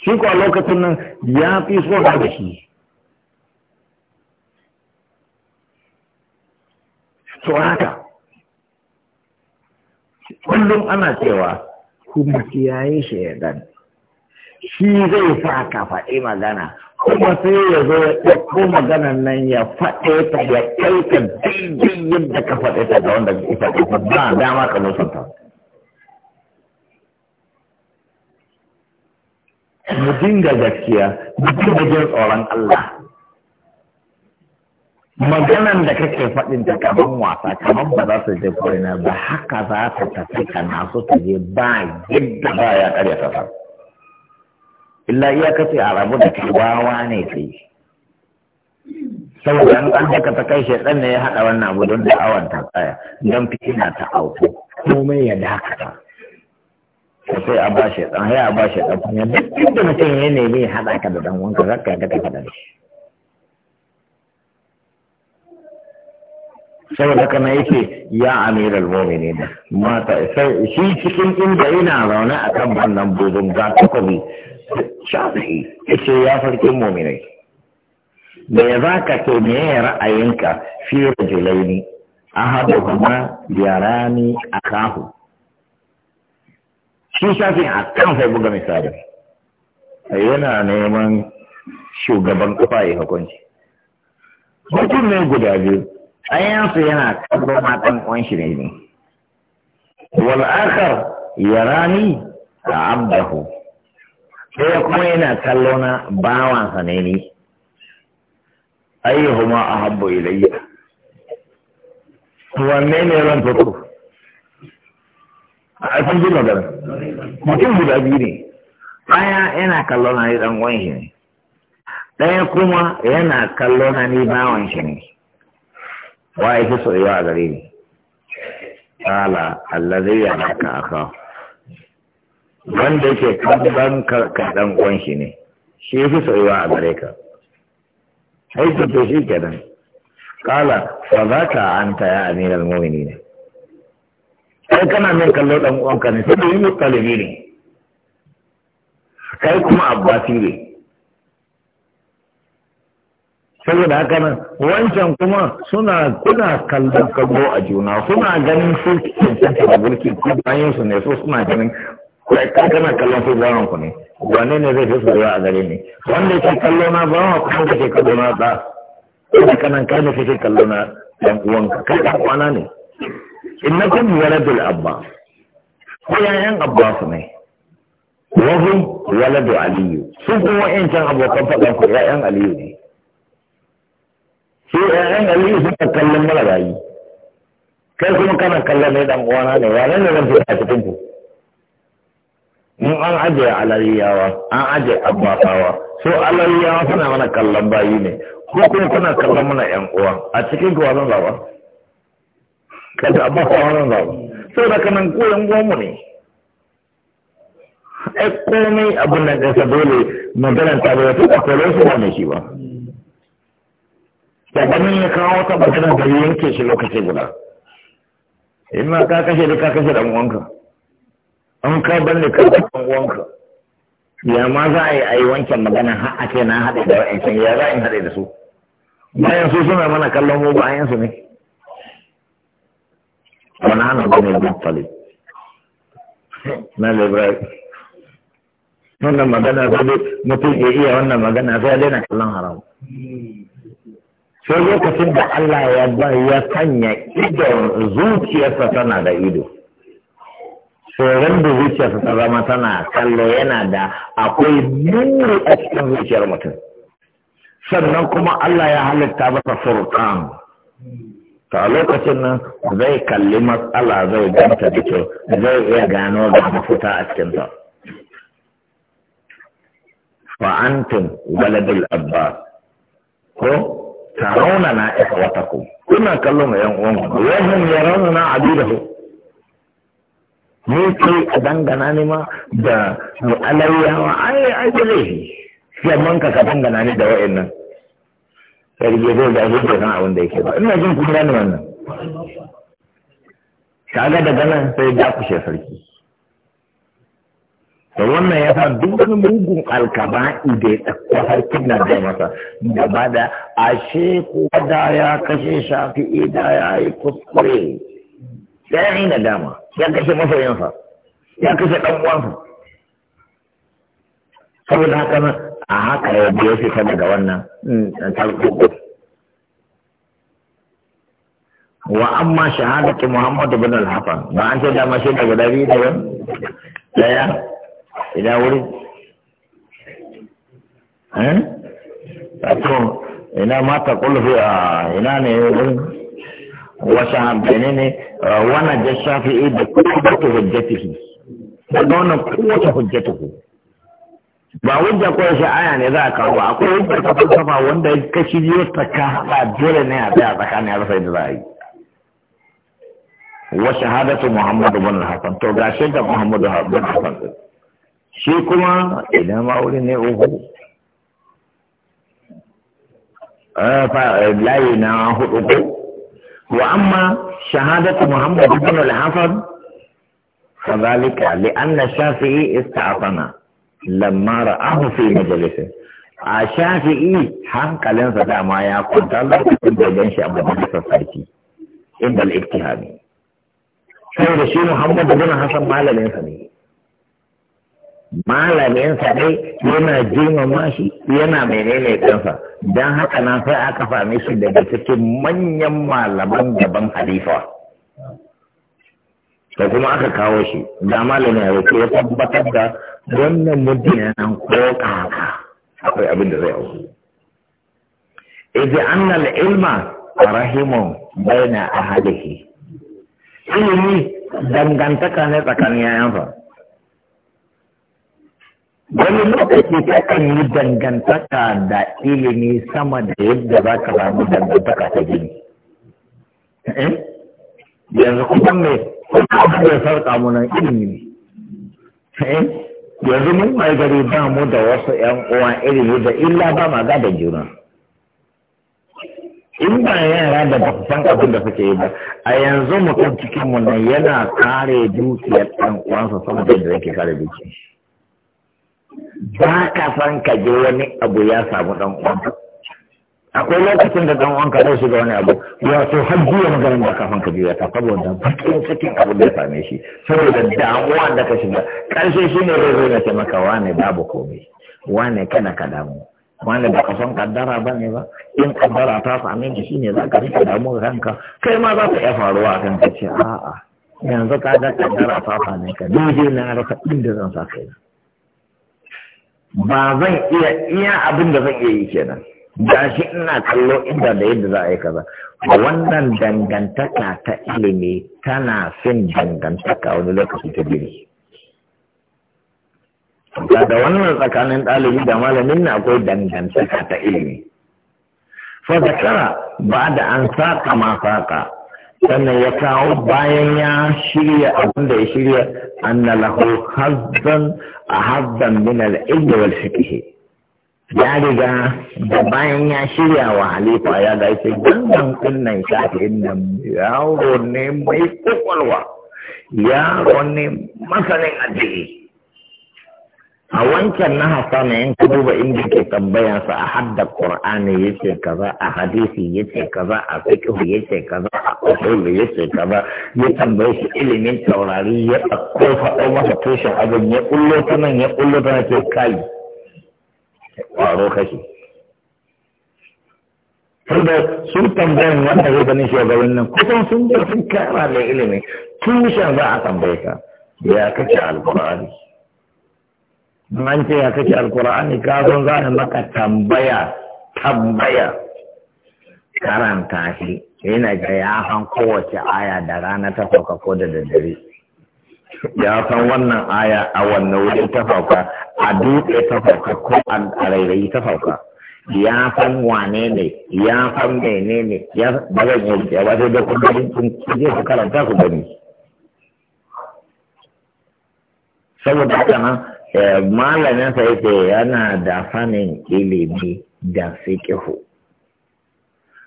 shi ko a lokacin nan ya fi so da shi so haka kullum ana cewa kuma kiyaye shi ya dan shi zai sa ka faɗi magana kuma sai ya zo ya ɗauko maganan nan ya faɗe ta ya kai ta yadda ka faɗe ta ga wanda ka faɗe ta ba dama ka musanta. mu dinga gaskiya mu dinga jin tsoron Allah maganan da kake faɗin ta kaman wasa kaman ba za su je ko'ina ba haka za ta tafi ka na so ta je ba yadda ba ya karya ta san illa iya kace a rabu da kibawa ne kai saboda an an daga ta kai shaidan ne ya haɗa wannan abu don da'awan ta tsaya don fitina ta auku komai ya dakata sai a ba shi dan sai a ba shi dan kunya duk inda mutum ya nemi ya haɗa ka da dan wanka zaka ga ka faɗa shi saboda kana yake ya amiral mu'minin mata sai shi cikin inda ina zaune akan wannan bubun ga takobi shafi yace ya farkin mu'minai me za ka ce me ra'ayinka fi rajulaini ahaduhuma yarani akahu shi shafin a kan sai buga misali yana neman shugaban kafa ya hukunci mutum ne guda biyu ɗayansu yana kallo matan uwan shi ne ne wal'akar ya rani a abdahu sai kuma yana kallo na bawansa ne ne ayyuhuma ahabbu ilayya wanne ne ran fito a san ji magana mutum guda biyu ne ɗaya yana kallo na ni ɗan uwan shi ne ɗaya kuma yana kallo na ni bawan shi ne wa ya fi soyuwa a gare ni ala yi ya haka aka wanda yake kallon ka ɗan uwan shi ne shi ya fi soyuwa a gare ka aikin to shi kenan kala fa za ka anta ya amiral mu'minin kai kana min kallo dan uwanka ne sai yi mutsalibi ne kai kuma abbasi ne saboda haka nan wancan kuma suna kuna kallon kallo a juna suna ganin su cancanta da mulki bayan su ne su suna ganin kai kana kallon su bayan ku ne wanne ne zai fi soyuwa a gare ni wanda ke kallo na ba wa kuma kake kallo na ba kana kana kake kallo na dan uwanka kai dan kwana ne innakum waladul abba ko ya yayan abba su ne wahum waladu aliyu su kuma yancan abokan faɗan ku yan aliyu ne su yan aliyu suna kallon maragayi kai kuma kana kallon ne dan uwana ne wane ne zan fita cikin ku mun an ajiye alariyawa an ajiye abbasawa so alariyawa suna mana kallon bayi ne ko kuma kuna kallon mana yan uwa a cikin ku wa zan zaba kada ba kwa wannan ba sau da kanan koyon gomu ne ai komai abin da ɗansa dole maganar ta bai wata kwakwalwar su ba mai shi ba da ya kawo wata maganar da yanke shi lokaci guda in ma ka kashe da ka kashe da uwanka an kai ban da kai ɗan uwanka ya ma za a yi a yi wancan magana ha a ce na haɗe da wa'ancan ya za a yi haɗe da su bayan su suna mana kallon mu bayan su ne ونحن بن na zai إبراهيم wannan magana sai dai mutum iya wannan magana sai daina kallon haram sai lokacin da Allah ya ba ya sanya idon zuciyarsa tana da ido tsoron da zuciyarsa ta zama tana kallo yana da akwai nuri a cikin zuciyar mutum sannan kuma Allah ya halitta masa furkan. to a lokacin nan zai kalli matsala zai ganta da kyau zai iya gano da mafuta a cikin ta. Fa antum waladul abba. ko tarawna na ikhwatakum kuna kallon ga yan uwan ku wa hum yarawna na abidahu ni kai a dangana ne ma da alawiyawa ai ai da laifi yamman ka ka dangana ne da wa'annan sarki zai da abin da san abin da yake ba ina jin kun gane wannan kaga daga nan sai ya kushe sarki da wannan ya sa duk wani mugun alkaba'i da ya ɗauko harkin na da masa da ashe kuwa da ya kashe shafi da ya yi kuskure ya yi nadama ya kashe masoyinsa ya kashe ɗan uwansa saboda haka nan a haka ya biyo fita daga wannan mm. tarkoko wa amma shahadatu muhammad ibn al hafan ba an ce da mashi daga dari da wani daya idan wuri eh to ina mata kullu a ina ne wurin wa shahadatu ne wannan jashafi'i da kullu hujjatihi da wannan kowace hujjatihi. ba hujja ko yaushe aya ne za a kawo akwai hujja ta falsafa wanda ka shiryo ta ka haɗa dole ne a tsaya tsakanin a rasa yadda za a yi wa shahadatu muhammadu bin hasan to ga shi da muhammadu bin hasan shi kuma idan ma wuri ne uku layi na hudu ko wa amma shahadatu muhammadu bin hasan فذلك لأن الشافعي استعصنا lamma ra'ahu fi majalisin a shafi'i hankalinsa dama ya kwanta lokacin da gan a majalisar sarki inda al-ittihami sai da shi Muhammad bin Hassan malaminsa ne malaminsa ne yana jima shi yana menene kansa dan haka na sai aka same shi daga cikin manyan malaman gaban halifa da kuma aka kawo shi da malamin ya tabbatar da wannan muddin ya nan ko kaka akwai abin da zai auku idza annal ilma rahimun baina ahlihi ilimi dangantaka ne tsakanin yayansa wani lokaci ta kan yi dangantaka da ilimi sama da yadda za ka samu dangantaka ta gini eh? yanzu kuma mai kuma da sarƙa munan ilimi ne eh? yanzu mun mai gari ba mu da wasu ƴan uwa irin da illa ba ma da juna in ba yara da ba san abin da suke yi ba a yanzu mutum cikin mu nan yana kare dukiyar ɗan uwansa sama da yadda yake kare dukiyar ba ka san ka je wani abu ya samu ɗan uwansa akwai lokacin da dan wanka zai shiga wani abu Ya so har jiya maganin da kafin ka biya ta saboda bakin cikin abu da ya same shi saboda damuwa da ka shiga karshe shi ne zai zo ya ce maka wane babu komai wane kana ka damu wane ba ka san kaddara ba ne ba in kaddara ta same ka shi ne za ka rika damu kanka kai ma za ka iya faruwa a kanka ce a'a yanzu ka ga kaddara ta same ka daidai na rasa inda zan sa kai ba zan iya iya abin da zan iya yi kenan Gashi ina kallo inda da yadda za a yi kaza wannan dangantaka ta ilimi tana fin dangantaka wani lokaci ta gini da wannan tsakanin ɗalibi da malamin na akwai dangantaka ta ilimi fa zakara ba da an saka ma saka sannan ya kawo bayan ya shirya abin da ya shirya anna lahu hazzan a hazzan min al-ilmi wal fiqh ya riga da bayan ya shirya wa halifa ya ga ita gangan kunnan shafi inda yaro ne mai kwakwalwa yaro ne masanin addini a wancan na na in ka duba inda ke tambayar sa a hadda qur'ani yace kaza a hadisi yace kaza a fiqh yace kaza a usul yace kaza ya tambaye shi ilimin taurari ya ko faɗo masa tushen abin ya kullo ta nan ya kullo ta ce kai ƙwaro kake da sun tambayan wanda zai ganin shugaban nan kusan sun da sun kama da ilimi tushen za a tambaye ka ya kace alkur'ani an ce ya kace alkur'ani ka zo za a maka tambaya tambaya karanta shi yana ga ya kowace aya da rana ta sauka ko da daddare ya san wannan aya a wannan wurin ta fauka a dutse ta fauka ko a rairayi ta fauka ya san wane ne ya san mene ne ya ba zan yi ya ba sai da kudin sun kuje su karanta ku gani saboda haka nan eh, malamin sa yake yana da sanin ilimi da fiƙihu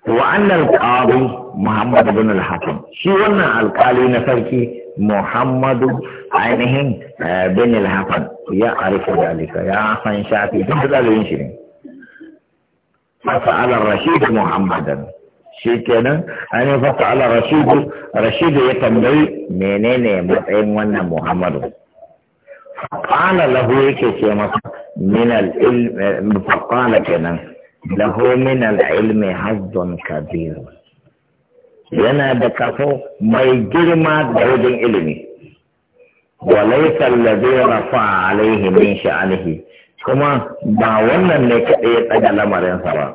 وأن القاضي محمد بن الحكم شو أن القاضي نفسي محمد عينهم آه، بن الحكم يا عارف ذلك يا عفان شافي تبدا لينشرين فسأل الرشيد محمدا شيكنا يعني أنا فسأل الرشيد رشيد يتنبي منين مطعم وانا محمد فقال له يكي من الإلم فقال كنا lahu min al-ilmi haddun kabir yana da kafo mai girma da wajen ilimi wa laysa alladhi rafa'a alayhi min sha'anihi kuma ba wannan ne kaɗai ya tsaga lamarinsa ba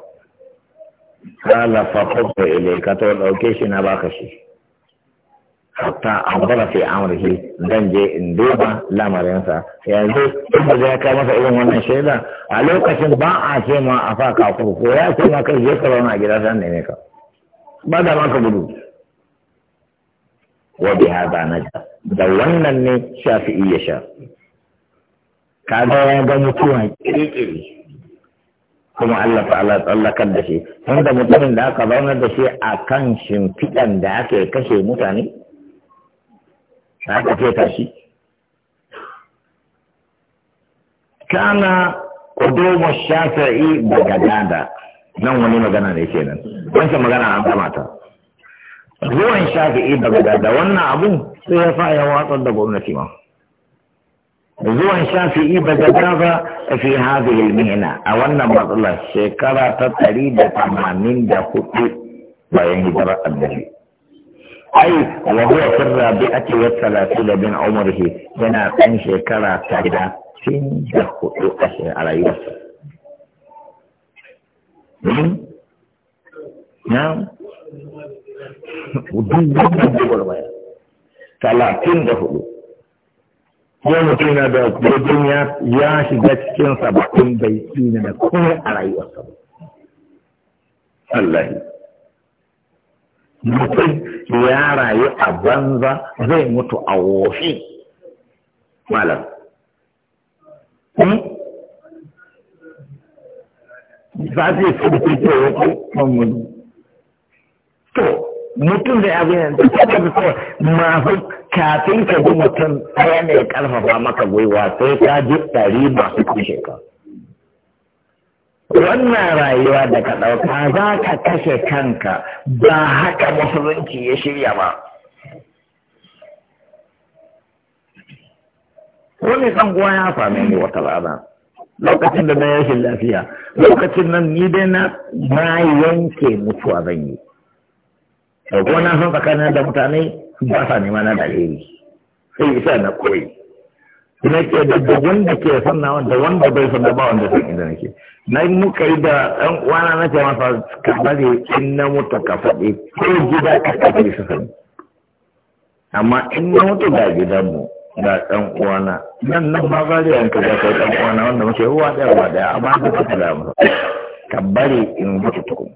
kala fa hubba ilayka to dauke shi na baka shi hatta ambala a amurki dan je in duba lamarinsa yanzu inda ya kai masa irin wannan shaida a lokacin ba a ce ma a fa kafin ko ya ce ma kai je ka zauna a gida san ne ka ba da ma ka gudu wa bi hada da wannan ne shafi iya sha ga ya ga mutuwa kirkiri kuma Allah ta'ala tsallakar da shi tunda mutumin da aka zaunar da shi a kan shimfiɗan da ake kashe mutane ta ka ce tashi kana kudomo shafi'i daga dada nan wani magana ne kenan wancan magana an kamata zuwan shafi'i daga dada wannan abu sai ya fa ya watsar da gwamnati ma zuwan shafi'i daga dada a fi hazi ilmina a wannan matsalar shekara ta ɗari da tamanin da huɗu bayan hijirar annabi ai wa huwa fi rabi'ati wa da bin umrihi yana kan shekara ta gida tun da hudu a rayuwarsa na duk wannan gwagwarmaya talatin da hudu ko mutum na da gudun ya shiga cikin sabbin bai tsina da kuma a rayuwarsa ba. Allah mutum ya rayu a banza zai mutu a wofi malam hmm? za zai fi fito mamuni to mutum da ya da ta yanzu saboda masu kafin ka bi mutum ɗaya ne karfafa maka gwiwa sai ka ji ɗari masu kushe ka wannan rayuwa da ka ɗauka za ka kashe kanka ba haka musulunci ya shirya ba wani ɗanguwa ya same ni wata rana lokacin da na yashin lafiya lokacin nan ni dai na na yanke mutuwa zan yi ko na san tsakanin da mutane ba sa nema na dalili sai isa na koyi na ke da wanda ke sanna wanda wanda bai sanna ba wanda san inda nake na muka yi da ɗan uwana na ce masa ka bari in na mutu ka faɗi ko gida ka kaɗe su sani amma in na mutu ga gidanmu ga ɗan uwana nan nan ba ba da yanka da kai ɗan uwana wanda muke ruwa ɗaya ruwa ɗaya amma da ka faɗa masa ka bari in mutu tukun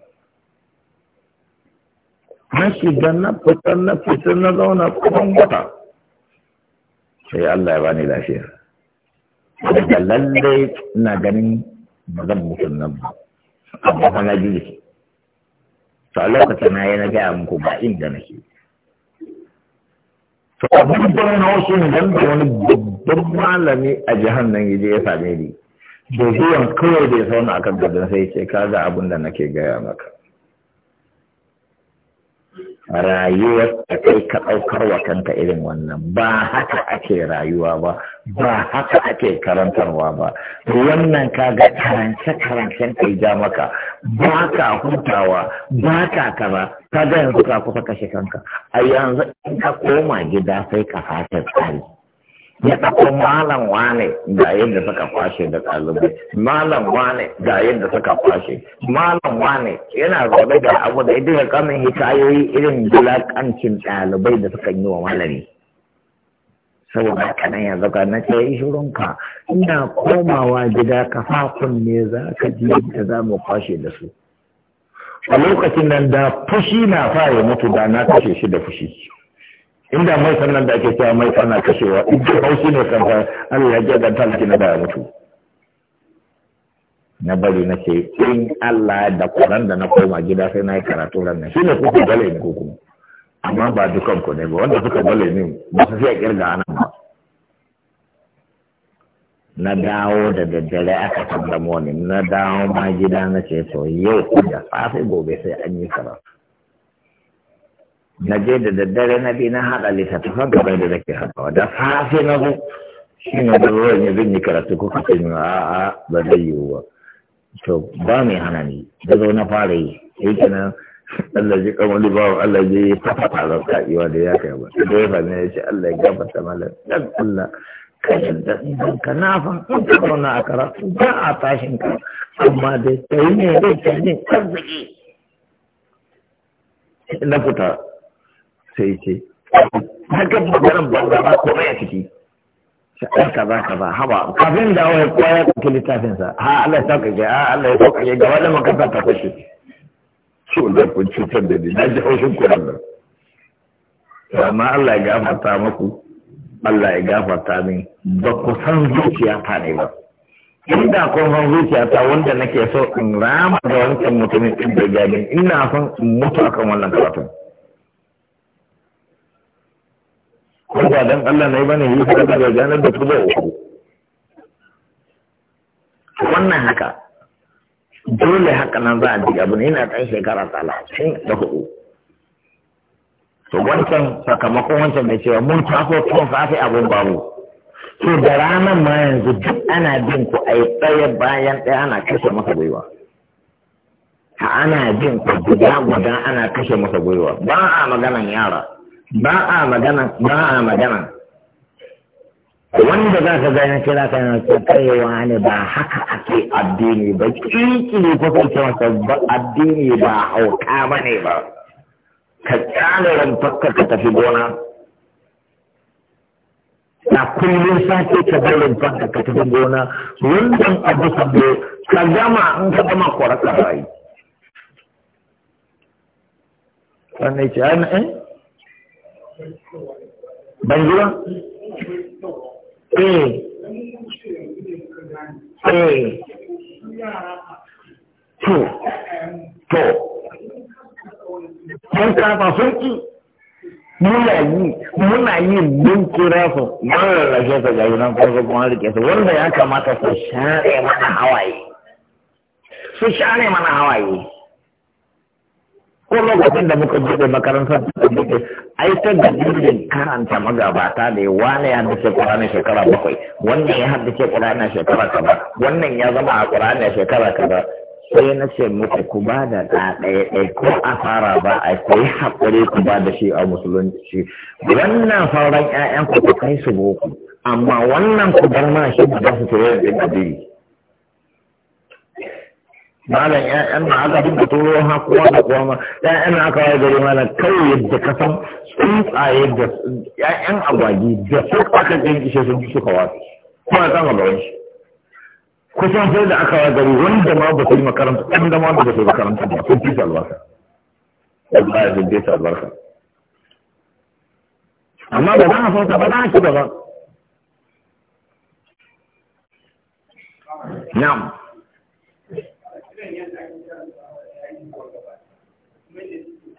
na shiga na fita na fita na zauna kuma wata sai Allah ya bani lafiya da lallai na ganin ba zan mutu nan ba amma fa na ji to a lokacin na yi na gaya muku ba inda nake to abin da na wasu ne don da wani babban malami a jihar nan yaje ya same ni da zuwan kawai da ya sauna akan gadon sai ce kaga abin da nake gaya maka rayuwar da kai ka ɗaukar wa kanta irin wannan ba haka ake rayuwa ba ba haka ake karantarwa ba wannan kaga karance karancen kai ja maka ba ka hutawa ba ka kaza kaga yanzu ka kusa kashe kanka a yanzu in ka koma gida sai ka fata tsari ya ɗauko malam wane ga yadda suka kwashe da ɗalibai malam wane ga yadda suka kwashe malam wane yana zaune da abu da idan kamin hikayoyi irin bulakancin ɗalibai da suka yi wa malami saboda kanan yanzu ka na ce shirunka ina komawa gida ka fakun ne za ka ji da za mu kwashe da su a lokacin nan da fushi na fara mutu da na kashe shi da fushi inda mai sannan da ake cewa mai sannan kashewa inda haushi ne kanka Allah ya ji dan talaki na bayan mutu na bari na ce in Allah da kuran da na koma gida sai na yi karatu ran nan shine kuka gale ne kuku? amma ba dukan ku ne ba wanda suka gale ne ba su fiye kirga anan ba na dawo da daddare aka tambaye wani na dawo ma gida na ce to yau da safe gobe sai an yi karatu na je da daddare na bi na haɗa littattafan kamar da nake haɗawa da safe na zo shi ne da ruwan ya zan yi karatu ko kace ni a'a ba zai to ba mai hana ni da zo na fara yi sai kana. Allah ji kamar da bawa Allah ji ya tafa taron da ya kai ba da ya fara ya ce Allah ya gafarta malam dan Allah ka da idan ka na fa in ka zauna a karatu ba a tashin ka amma dai kai ne da kai ne arziki na fita sai ce haka magaran banza ba ko ya ciki sha'ar ka ba haba kafin da wani kowa ke littafinsa ha Allah ya sauka ga ha Allah ya sauka ga gaba da makasar ta fashe so da kun cutar da ni na ji haushin kuran nan amma Allah ya gafarta maku Allah ya gafarta min ba ku san zuciya ta ne ba inda kun san zuciya ta wanda nake so in rama ga wancan mutumin ɗin da gani ina son in mutu akan wannan karatun ko dan Allah ne bane yi ka daga janar da kuma uku wannan haka dole haka nan za a ji abu ne ina ɗan shekara talatin da hudu to wancan sakamakon wancan mai cewa mun taso tun safe abun babu to da ranar ma yanzu duk ana bin ku a yi tsaye bayan ɗaya ana kashe masa gwiwa ana bin ku guda guda ana kashe masa gwiwa ba a maganan yara ba a magana ba a magana wanda za ka gani kira ka yana ce karewa ne ba haka ake addini ba ne ko kai ce ba addini ba hauka ba ne ba ka kyale fakka ka tafi gona na kullum sake ka bar fakka ka tafi gona wannan abu ne ka gama in ka gama kwarar ka rayu wannan ce eh ban ji ba eh eh to to sun kafa sun ki muna yi muna yi mun kira su mara rage su ga nan farko kuma rike su wanda ya kamata su share mana hawaye su share mana hawaye ko lokacin da muka buɗe makarantar da muke ai ta dalilin karanta magabata da wane ya haddace Qur'ani shekara bakwai wannan ya haddace Qur'ani shekara kaza wannan ya zama a Qur'ani shekara kaza sai na ce muku ku ba da ɗaya ɗaya ko a fara ba a kai haƙuri ku ba da shi a musulunci wannan sauran yayan ku kai su boko amma wannan ku bar ma shi da su tare da ɗaya. malam ƴaƴan na aka dinga turo ha kowa da kowa ma ƴaƴan aka waye gari malam kawai yadda ka san tsuntsaye da ƴaƴan agwagi da su aka jin ishe sun ji suka wasu kuma ta gaba wani kusan sai da aka waye gari wanda ma ba su yi makaranta ɗan da ma wanda ba su yi makaranta ba sun fi su albarka wallahi sun fi su albarka amma ba za a fauta ba za a ci gaba na'am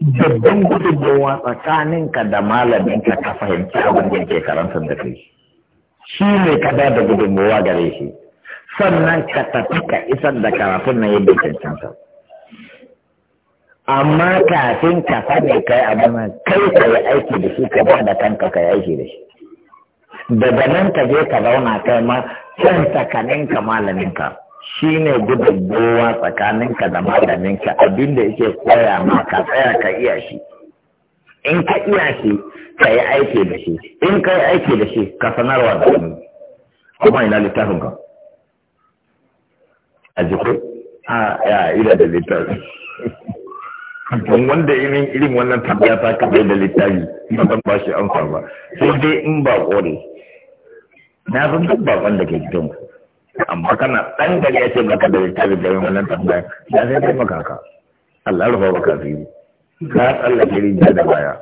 babban gudunmawa tsakaninka da malaminka ka fahimci abin da ke karanta da kai shi ne ka ba da gudunmawa gare shi sannan ka tafi ka isar da karatun na yadda cancanta amma kafin ka sani kai abin kai ka yi aiki da shi ka da kanka ka yi aiki da shi daga nan ka je ka zauna kai ma can tsakaninka malaminka shi ne gudun gowa tsakaninka da malaminka abinda yake koya ma ka tsaya ka iya shi in ka iya shi ka yi aiki da shi in ka yi aiki da shi ka sanarwa da wani kuma ina littafin ka a jiko a ya ina da littafi don wanda irin irin wannan tabbata ta kaɗai da littafi ba zan ba shi an ba sai dai in ba ƙore na zan duk baban da ke ku amma kana dan gari ya ce baka da littafi da yin wannan tambaya ya sai kai maka ka Allah rufa baka fili ka ya rijiya da baya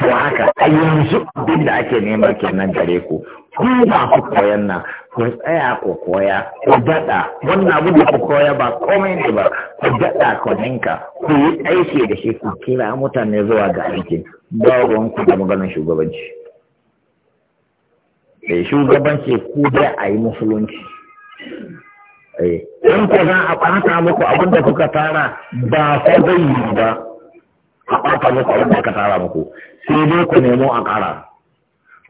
to haka a yanzu da ake nema kenan gare ku ku ba ku koyan nan ku tsaya ku koya ku daɗa wannan abu da ku koya ba komai ne ba ku daɗa ku ninka ku yi aiki da shi ku kira mutane zuwa ga aikin ba ruwanku da maganar shugabanci. mai eh, shugabanci ku da a yi musulunci eh, in ko za a ɓata muku abin da kuka tara ba fa zai yi ba a ɓata muku abin da kuka tara muku sai dai ku nemo a ƙara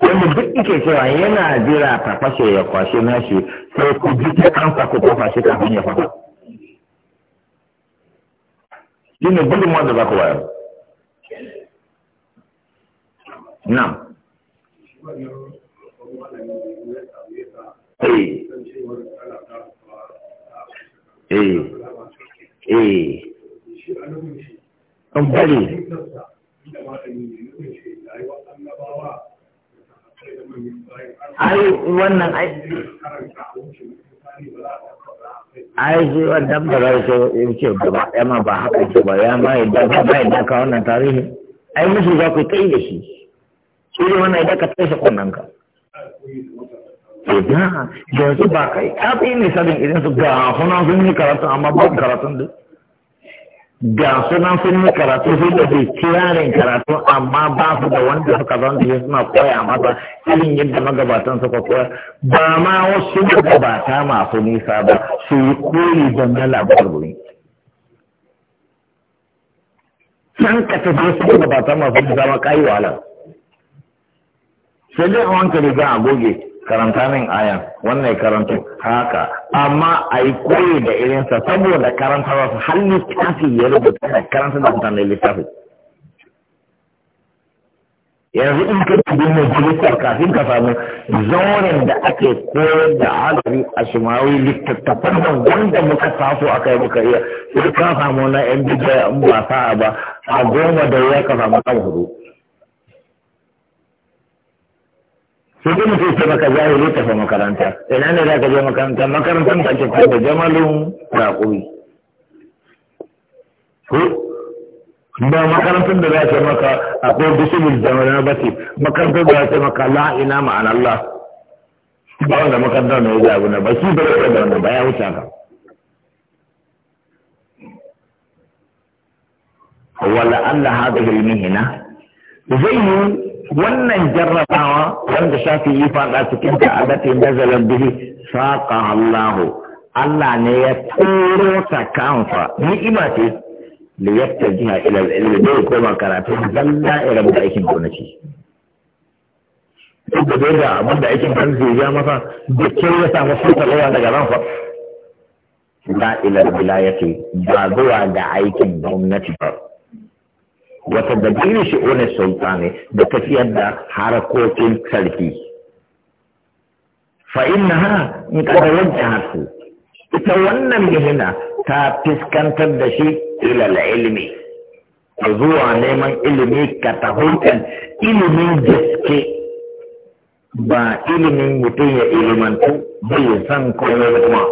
wanda duk ike cewa yana jira ta fashe ya kwashe nashi sai ku ji ta kansa ku ta fashe kafin hanyar fata. shi ne gudun wanda za ku bayar na'am ai wannan ai ai wannan ba za su ce ma ba haka ce ba ya ma yadda ba ba yadda ka wannan tarihi ai musu za ku kai da shi shi ne wannan idan ka ka ya yanzu ba kai ka fi ne sabin idan su ga sunan sun yi karatu amma ba karatun duk ga sunan sun yi karatu sun da ke kirarin karatu amma ba su da wanda suka zan da suna koya mata irin yadda magabatan suka koya ba ma wasu magabata masu nisa ba su yi koyi da na labarin san ka tafi wasu magabata masu nisa ma kayi wahala sai dai wanka za a goge karanta min ayan wannan karanta haka amma a yi koyi da irinsa saboda karanta su har littafi ya rubuta da karanta da mutane littafi yanzu in ka tabi mai jirgin kafin ka samu zauren da ake koyar da a shimawi littattafan da wanda muka taso a kai muka iya sai ka samu na yan bidiyo in ba sa'a ba a goma da ya ka samu kan hudu sai kuma sai ce maka zahiri tafi makaranta ina ne za je makaranta ake raƙuri ko ba makarantar da za ta maka akwai ba ce makarantar da za ta maka la ina ma'an Allah ba wanda makarantar na ya zabi na ba shi ba da wanda ba ya wuce ka wala Allah zai yi wannan jarrabawa wanda shafi yi faɗa cikin ta na nazalar bihi saƙa Allahu Allah ne ya turo ta kanfa ni'ima ce da yadda jiha ilal ilmi ya koma karatu zalla irin da aikin gonaki duk da da abin da aikin kan zai ya masa da ke ya samu fasalwa daga nan fa la ilal bilayati ba zuwa da aikin gwamnati ba wata da da da shi harakokin sarki. وتدبير شؤون السلطان بتفيد حركات ita wannan قد ta fiskantar da shi تدشي ilimi, العلم zuwa neman ilimi ka tahokan ilimin gaske ba ilimin mutum ya ilimantu bai san komai ba kuma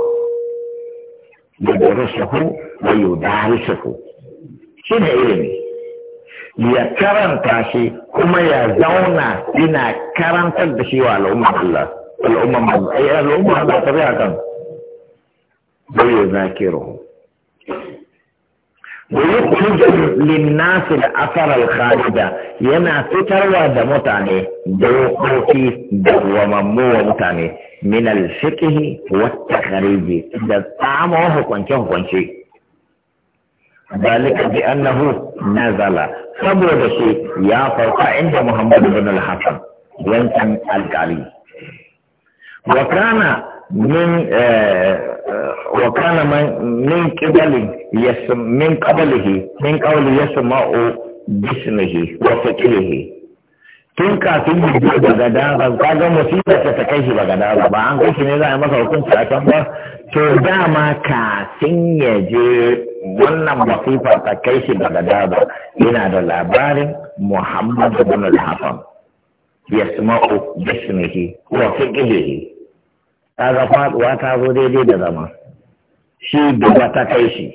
da da shahu, da yau da rashahu shi ne ilimi ya karanta shi kuma ya zauna ina karantar da shi wa al'ummar Allah al'ummar Allah eh, al'ummar Allah ta biya kan bai ya zakiru ويخرج للناس الأثر الخالدة da فتروا دمتاني دوقوتي دواممو متاني من الفقه والتخريج إذا طعمه hukunce-hukunce. ذلك بأنه نزل saboda shi ya farka inda Muhammadu bin al yankan alkali wa min wa kana min qibali min qablihi min qawli yasma'u bismihi tun kafin mu je daga daren ga musibar ta kai shi daga ba an kai shi ne za a masa hukunci a can ba to dama kafin ya je wannan masifa ta kai shi daga daba yana da labarin muhammadu bin al-hafan ya suma shi wa fi ƙile shi ta ga faɗuwa ta zo daidai da zama shi duba ta kai shi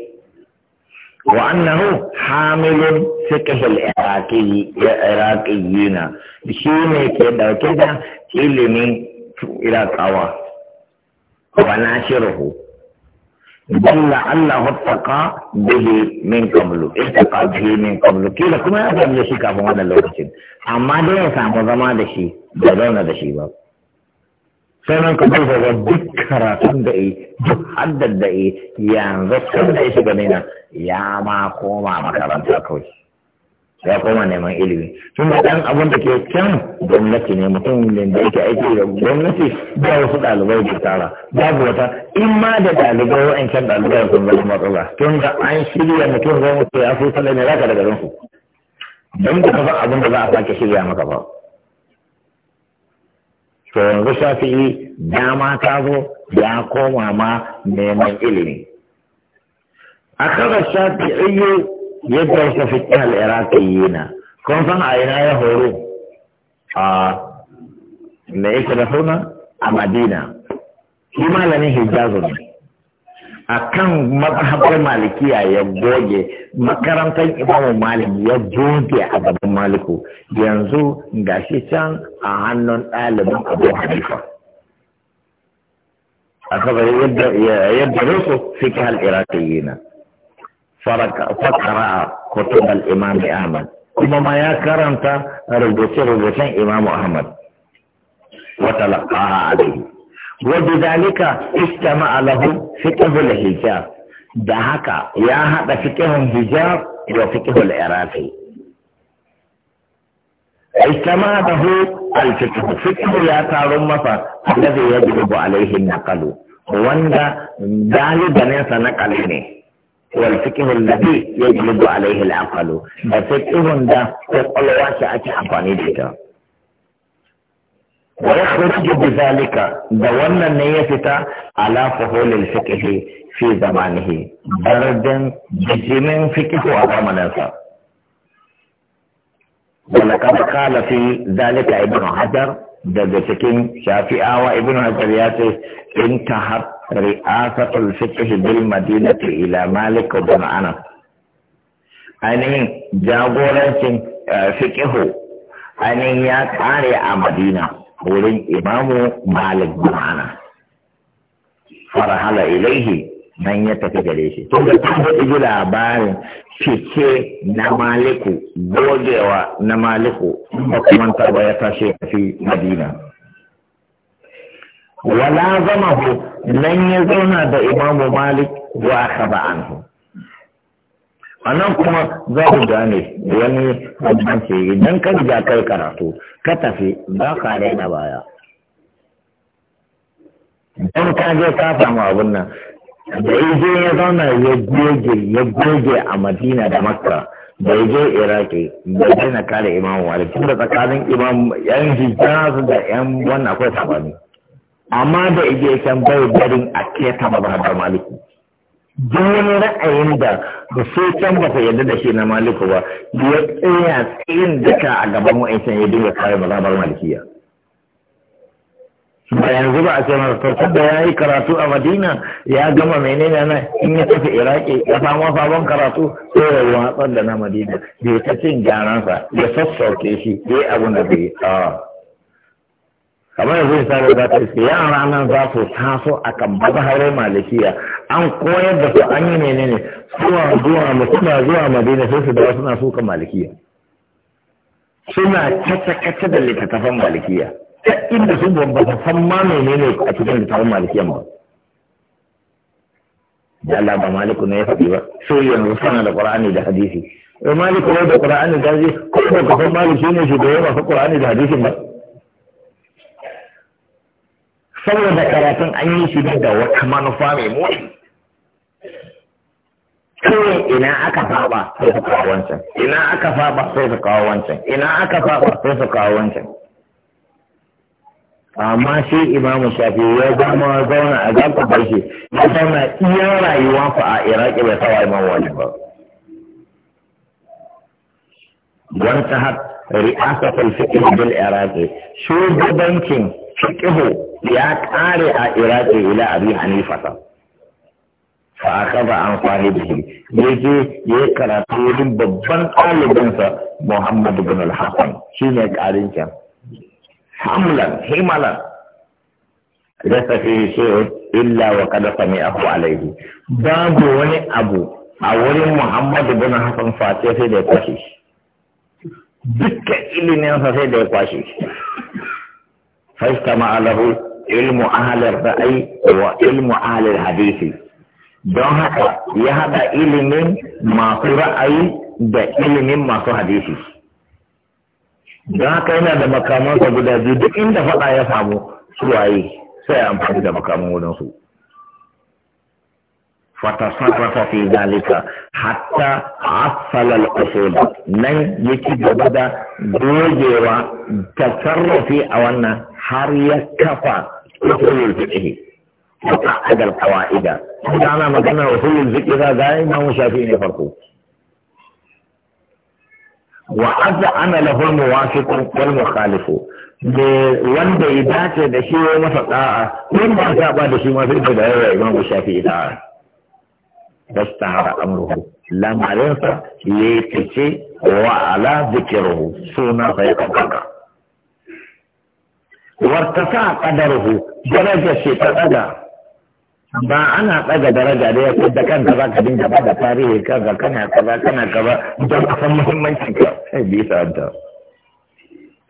wa hamilin hamilun fiqh al-iraqiyyi shi ne ke dauke da ilimin irakawa wa nashiruhu dalla Allah hotaka bihi min qablu ittaqa bihi min qablu kila kuma ya bani shi kafin wannan lokacin amma da ya samu zama da shi da zauna da shi ba sai nan kuma ga duk karatun da yi duk haddar da yi yanzu sun da shi ga ya ma koma makaranta kawai ya koma neman ilimi tun da ɗan abin da ke can gwamnati ne mutum ne da yake aiki da gwamnati ba wasu ɗalibai da tara babu wata in ma da ɗalibai can ɗalibai sun zama matsala tun da an shirya mutum zai mutu ya fi sallah ne zaka da garin su don ka kafa abin da za a sake shirya maka ba to yanzu shafi'i dama ta zo ya koma ma neman ilimi. A shafi shafi'i yadda ka fi yi na kuma san a ina ya horo a me yake da suna a madina shi malamin hijazu a kan mazhabar malikiya ya goge makarantar imamu malik ya goge a gaban maliku yanzu ga shi can a hannun ɗalibin abu hanifa a saboda yadda rusu fi yi na فقرأ كتب الإمام أحمد كما ما يكرمت رجوسي رجوسي إمام أحمد وتلقاها عليه وبذلك استمع له فقه الحجاب دهك يا هذا فقه الحجاب وفقه العراقي اجتمع له الفقه فقه يا تارمة الذي يجلب عليه النقل وأن ذلك نقل إليه wal ya alladhi yajibu alayhi al-aqlu fa fiqhu da ko kwalwa ake amfani da ita wa yakhruju bi zalika da wannan ne ya fita ala fuhul al-fiqhi fi zamanihi baradan jismin fiqhu a zamanin sa wala ka kala zalika ibnu hadar da da cikin shafi'a wa ibnu hadar ya ce in tahab رئاسة الفقه بالمدينة إلى مالك بن أنس ainihin jagorancin eh, fiƙihu ainihin ya ƙare a madina wurin imamu malik ma'ana farhala ilaihi nan ya tafi gare shi tun da labarin fice na maliku gogewa na maliku da kuma ta tashi ya fi madina wala zama hu nan ya zauna da imamu malik wa aka ba a nan kuma za ku gane wani babban ce idan ka kai karatu ka tafi ba ka raina baya don ka je ka samu abin nan da je ya zauna ya goge ya goge a madina da makka bai je iraki bai je na kare imamu malik da tsakanin imam yan hijira da yan wannan akwai sabani amma da ije can bai garin a keta mazhabar maliki duk wani ra'ayin da ba sai can ba ta yarda da shi na maliku ba ya tsaya tsayin duka a gaban wa'ancan ya dinga kare a malikiya ba yanzu ba a ce masa da ya yi karatu a madina ya gama menene na in ya tafi iraki ya samu sabon karatu sai ya da na madina bai ta cin gyaransa ya sassauke shi ya yi abin da bai a ah. kamar yanzu misali za ta iske yara ranar za su taso a kan mazharar malikiya an koyar da su an yi ne zuwa zuwa suna zuwa madina sai su dawo suna suka malikiya suna kace-kace da littattafan malikiya ta inda su ba su san ma ne a cikin littattafan malikiya ba da Allah ba maliku ne ya faɗi ba so yanzu sana da qur'ani da hadisi eh maliku ne da qur'ani da hadisi ko da san maliki ne shi da yawa fa qur'ani da hadisi ba saboda karatun an yi shi da wata manufa mai muni kawai ina aka faɓa sai su kawo wancan ina aka faɓa sai su kawo wancan ina aka faɓa sai su kawo wancan amma shi imamu shafi ya zama zauna a gaban shi. ya zauna iya rayuwa fa a iraki bai sawa imamu wani ba don ta har ri'asa falfikin bil iraki shugabancin fiqhu ya kare a iraki ila abi hanifa fa akaba an sahibihi yaje yayi karatu wajen babban ɗalibinsa muhammad ibn al-hasan shine karin can hamlan himalan rasa fi shi'un illa wa kada sami abu alaihi babu wani abu a wurin muhammad ibn hasan face sai da ya kwashe dukkan ilimin sai da ya kwashe فاجتمع له علم أهل الرأي وعلم أهل الحديث don haka ya haɗa ilimin masu ra'ayi da ilimin masu hadisi don haka yana da makamansa guda biyu duk inda faɗa ya samu suwaye sai amfani da makaman wurinsu fatasarrafa fi zalika hatta asala al-usul nan yake gaba da dogewa tasarrufi a wannan har ya kafa usulul fiqh wata agal qawaida idan ana magana usulul fiqh za ga imam shafi ne farko wa azza ana lahu al-muwafiq wal mukhalif da wanda ya dace da shi ya masa da'a in ba ta ba da shi ma sai da yawa imam shafi'i da'a bastahara amruhu lamarinsa ya yi fice wa ala zikiruhu suna sai kankanka wartasa qadaruhu daraja ce ta daga ba ana daga daraja da ya da kanka za ka dinga bada tarihi kanka kana kaza kana kaza don a san muhimmancin ka sai bi sa'anta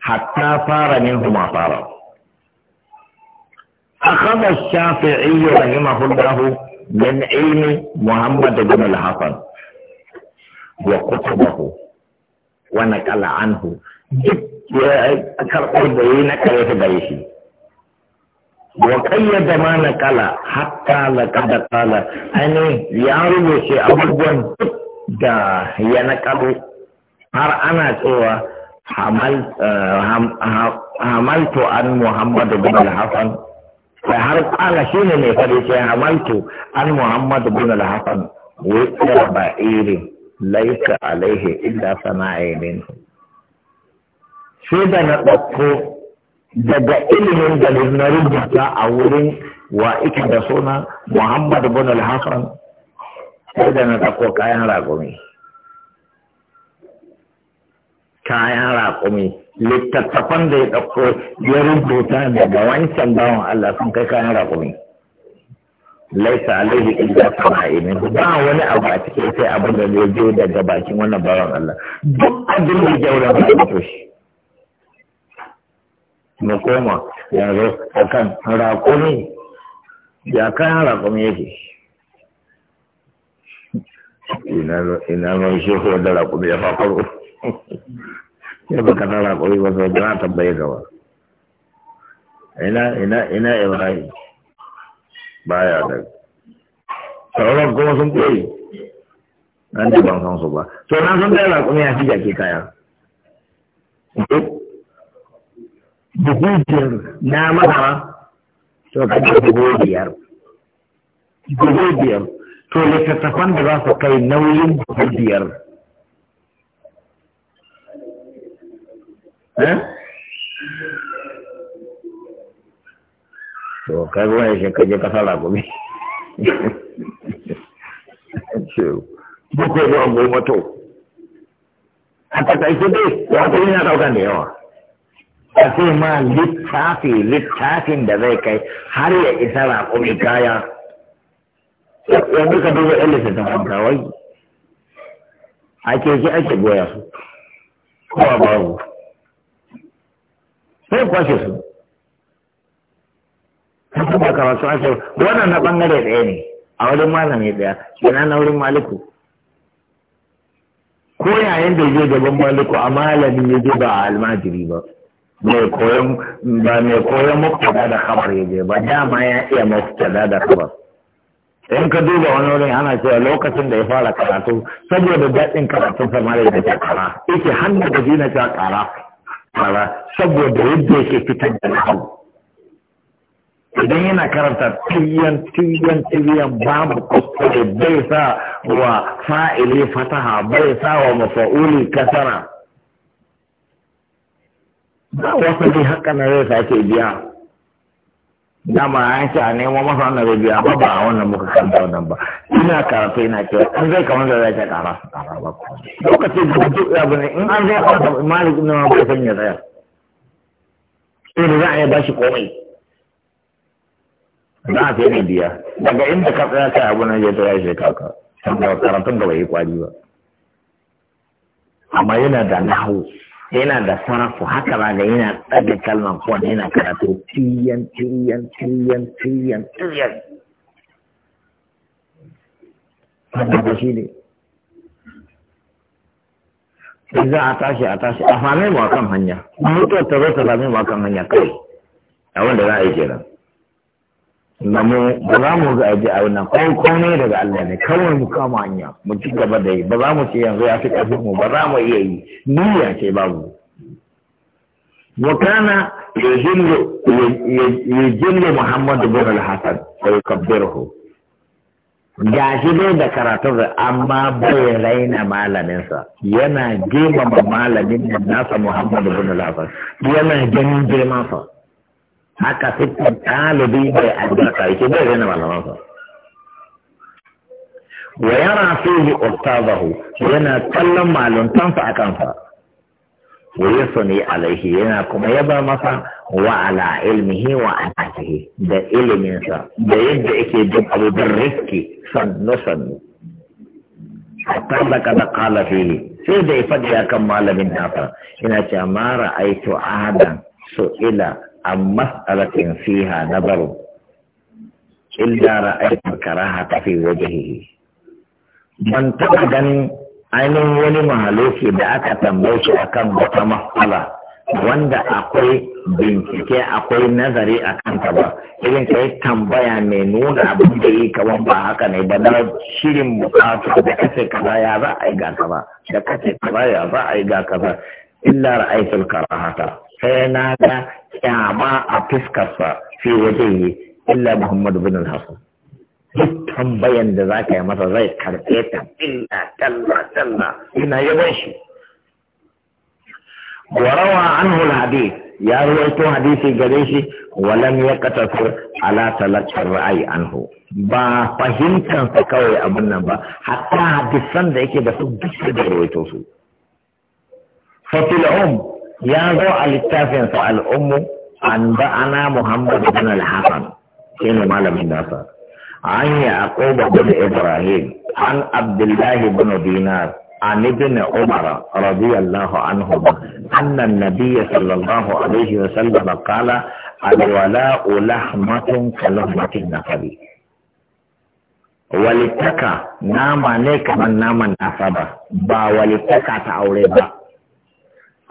hatta fara min huma fara أخذ الشافعي رحمه الله من علم محمد بن الحسن وكتبه ونقل عنه جد ya karɓar da yi na kare ta gare shi wa kayyada ma na kala hatta la kada kala ainihin ya rubuce abubuwan da ya na kalo har ana cewa eh, hamaltu an muhammadu bin al-hasan da har kala shi ne mai fari ce hamaltu an muhammadu bin al Wai wa ba irin laika alaihi illa sana'a minhu sai da na ɗauko daga ilimin da na rubuta a wurin wa ikin da suna Muhammad bin al-Hassan sai da na ɗauko kayan raƙumi. Kayan raƙumi, littattafan da ya ɗauko ya rubuta daga wancan bawan Allah sun kai kayan raƙumi. Laisa alaihi illa sana'imin ba wani abu a cikin sai abin da zai je daga bakin wannan bawan Allah. Duk abin da ya jaura ba a shi. mu koma yanzu kan rakumi ya kan rakumi yake ina mai ko da rakumi ya fafaro (laughs) ya baka na rakumi ba sau da na tambaye gaba ina ina ina ibrahim baya da sauran kuma sun koyi nan da ban san su ba to na san da rakumi ya fi jake kaya buhu biyar na masa to ka ji biyar biyar to littattafan da za su kai nauyin buhu biyar eh? to kai ruwan shi ka je to a takaice dai yana daukan da yawa a ce ma littafi littafin da zai kai har ya isa raƙumi kaya yanzu ka duba yan littattafan kawai a keke ake goya su kuma babu sai kwashe su ta kuma karatu ake wannan na ɓangare ɗaya ne a wurin malami ɗaya kenan na wurin maliku ko yayin da ya je gaban maliku a malami ya je ba a almajiri ba mai koyon ba mai koyon muktada da khabar yaje ba dama ya iya muktada da khabar in ka duba wani wurin ana cewa lokacin da ya fara karatu saboda daɗin karatun samari da ke kara yake hannu da dina ta kara kara saboda yadda yake fitar da nahu idan yana karanta tiyan tiyan tiyan babu kuskure bai sa wa fa'ili fataha bai sa wa mafa'uli kasara ba wasu bi haka na zai sake biya dama an ce a nemo masa na zai biya ba ba a wannan muka kanta wannan ba ina karatu ina cewa an zai kamar da zai ta kara kara ba lokacin da duk abu ne in an zai haka malik ibn ma bai sanya tsaya sai da za a yi bashi komai za a sai biya daga inda ka tsaya kai abu nan ya tsaya shi kaka Karatu da bai yi kwari ba amma yana da nahu yana da sarrafa haka ba da yana tsaga kalman kwan yana karatu tiyan tiyan tiyan tiyan tiriyan da shi ne za a tashi a tashi a fami mu akan hanya mutuwar ta zo ta same mu akan hanya kai a wanda za a yi kenan ba mu ba za mu ga aji a wannan farko ne daga Allah ne kawai mu kama hanya mu ci gaba da yi ba za mu ce yanzu ya fi ƙarfin mu ba za mu iya yi niyya ce babu wa kana ya yajillu Muhammad bin al-Hasan sai yukabbirhu ga shi dai da karatun da amma bai raina malaminsa yana girmama malamin nasa Muhammadu bin al-Hasan yana ganin girmansa haka fitin ɗalibi bai ta ƙarshe bai rena malamansa wa yara fihi ustazahu yana kallon maluntansa a fa. wa yasuni alaihi yana kuma yaba masa wa ala ilmihi wa anatihi da iliminsa da yadda yake jin abu da riski sannu sannu hatta da kala fihi sai da ya faɗi akan malamin nasa yana ce ma ra'aitu ahadan ila amma عن مسألة فيها نظر إلا رأيت الكراهة في وجهه من تبدا ainihin wani mahaloki da aka tambaye shi akan wata matsala wanda akwai bincike akwai nazari a ta ba irin ka yi tambaya mai nuna abin da yi kaman ba haka ne ba na shirin bukatu da kace kaza ya za a yi ga kaza da kace kaza ya za a yi ga kaza illa ra'aytul karahata sai na ga kyama a fiskarsa fi waje yi illa Muhammad bin al duk tambayan da za ka yi masa zai karɓe ta illa talla talla ina yawan shi gwarawa an hul hadith ya ruwaito hadisi gare shi walam ya katafi ala talakar ra'ayi hu. ba fahimtar sa kawai abin nan ba hatta hadisan da yake da su duk da ruwaito su fatil ya zo a littafin sa al'ummu an ba ana muhammadu bin al-hasan an yi a ƙoba ibrahim an abdullahi bin dinar an ibn umar radiyallahu anhu annan nabiy sallallahu alaihi wa sallam qala alwala ulahmatun kalahmatin nafari walittaka nama ne kaman naman nasaba ba walittaka ta aure ba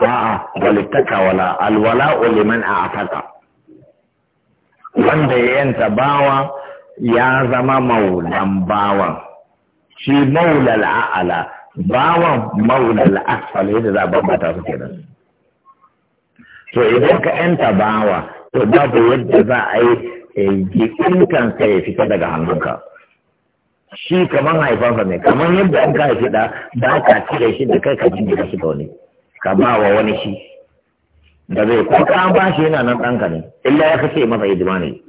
a'a walittaka wala alwala liman a ataka wanda ya yanta bawa ya zama maulan bawan shi maulal a'ala bawan maulal asfal yadda za a bambata su kenan to idan ka yanta bawa to babu yadda za a yi eh, ka ya fita daga hannunka shi kamar haifansa ne kamar yadda an ka haifi da ba ka cire shi da kai ka jingina ka da wani ka ba wa wani shi da zai ko ka bashi yana nan ɗanka ne illa ya kace masa hidima ne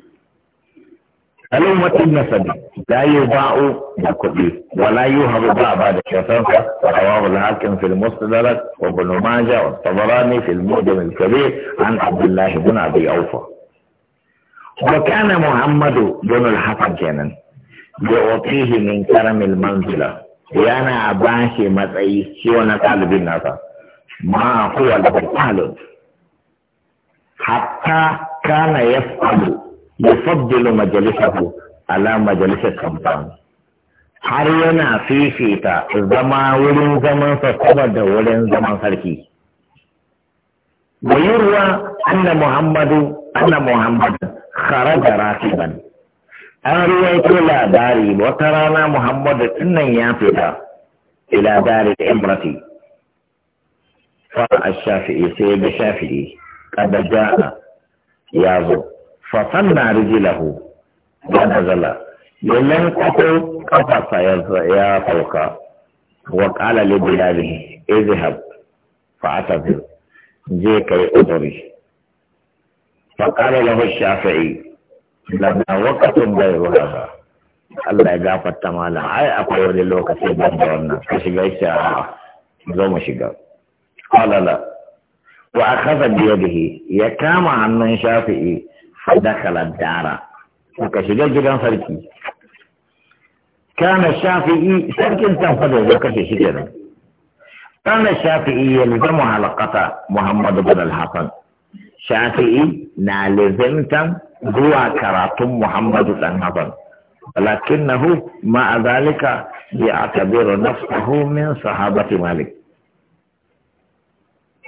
alummatin nasabi yi ba'u da kuɗi wala yuhabu ba ba da kyautar sa rawahu al-hakim fil mustadrak wa ibn majah wa tabarani fil mujam al-kabir an abdullah ibn abi awfa wa kana muhammadu ibn al-hasan kenan yu'tihi min karamil manzila yana bashi matsayi shi wannan ɗalibin nasa ما هو له أهل حتى كان يفعل يفضل مجلسه ala مجلس kamfan. har yana fifita zama wurin zamansa sama da wurin zaman sarki. Bayurwa anna Muhammadu anna Muhammadu kharaja rakiban. An ruwaito labari wata rana Muhammadu dinnan ya fita ila dari imrati fara a shafi'i sai ya ga shafi'i kada ja'a ya zo fasan na rijilahu ya nazala ya lankwako kafasa ya sauka wa kala li bilali izhab fa atazir je kai uduri fa qala lahu shafi'i lamma waqatun bayru Allah ya gafarta mala ai akwai wani lokaci ban da wannan ka shiga shi a zo mu shiga قال لا وأخذ بيده يكام عن شافعي فدخل الدار وكشجر جدا فلكي كان الشافعي سركي تنفذ وكشي شجر كان الشافعي يلزم حلقة محمد بن الحسن شافعي نالزمتا هو كراتم محمد بن الحسن ولكنه مع ذلك يعتبر نفسه من صحابة مالك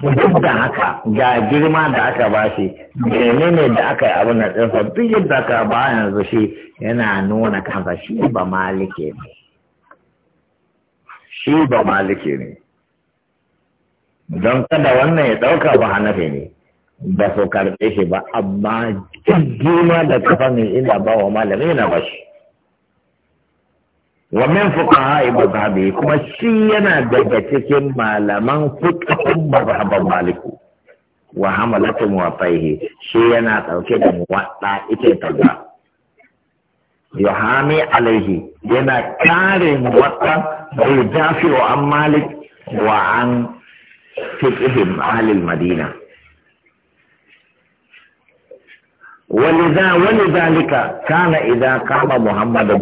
duk da haka ga girma da aka ba shi menene da aka yi abin da duk yadda aka ba yanzu shi yana nuna kansa shi ba malike ne shi ba malike ne don kada wannan ya dauka ba hanafi ne ba su karɓe shi ba amma duk girma da kafa mai ina ba wa malami yana ba shi wa min fuqaha ibadabi kuma shi yana daga cikin malaman fiqhin mazhaban maliku wa hamalatu muwafaihi shi yana dauke da muwadda ita tauba yuhami alaihi yana kare muwadda bai dafi wa an malik wa an fiqhin ahli madina Wani za lika kane idan kama Muhammadu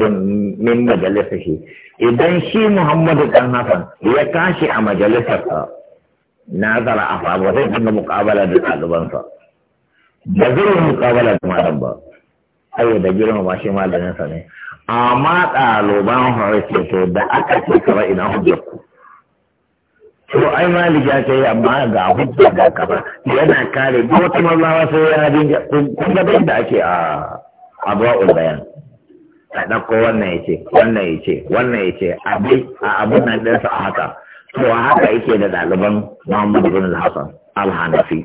min majalisa shi? Idan shi Muhammadu kan Hassan ya tashi a majalisa ka. Na tsara a faɗo sai na muƙamala da ɗalibansa. Ba zan yi da madama ba. Ayoyi da biro ba shi ma da nan sani. A ma ɗaliban hore keken da aka ce kuma ina hudu ku. to ai malik ya kai amma ga hujja ga kafa yana kare ko wata mallawa sai ya dinga kun ga da ake a abwa'ul bayan a ɗauko wannan ya wannan ya wannan ya ce abi a abun nan ɗinsa a haka to a haka yake da ɗaliban muhammad bin al-hasan al-hanafi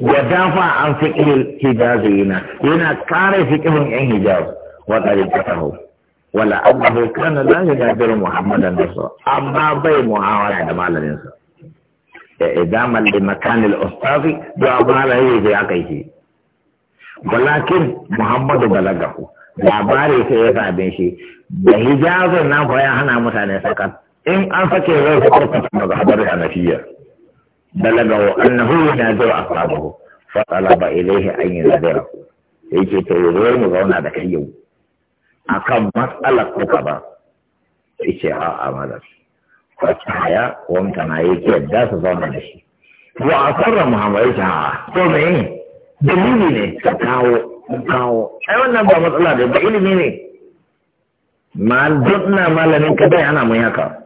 wa dafa an fiqhil hijazina yana kare fiqhin yan hijaz wa tariqatahu wala annahu kana la yajadiru muhammadan nasra amma bai muhawara da malamin sa idaman li makan al ustazi da malai da aka yi walakin muhammadu balagahu labari sai ya sabe shi da hijazin nan fa ya hana mutane saka in an sake zai fitar da mazhabar hanafiya balagahu annahu yajadiru ashabahu fa talaba ilayhi an yajadiru yake to zo mu zauna da kai yau akan matsalar ko ka ba yace a a malam ka tsaya wanda na yake da su zama da shi wa asarra muhammad yace a to me dalili ne ka kawo kawo ai wannan ba matsala da ba ilimi ne ma dukna malamin ka dai ana mun haka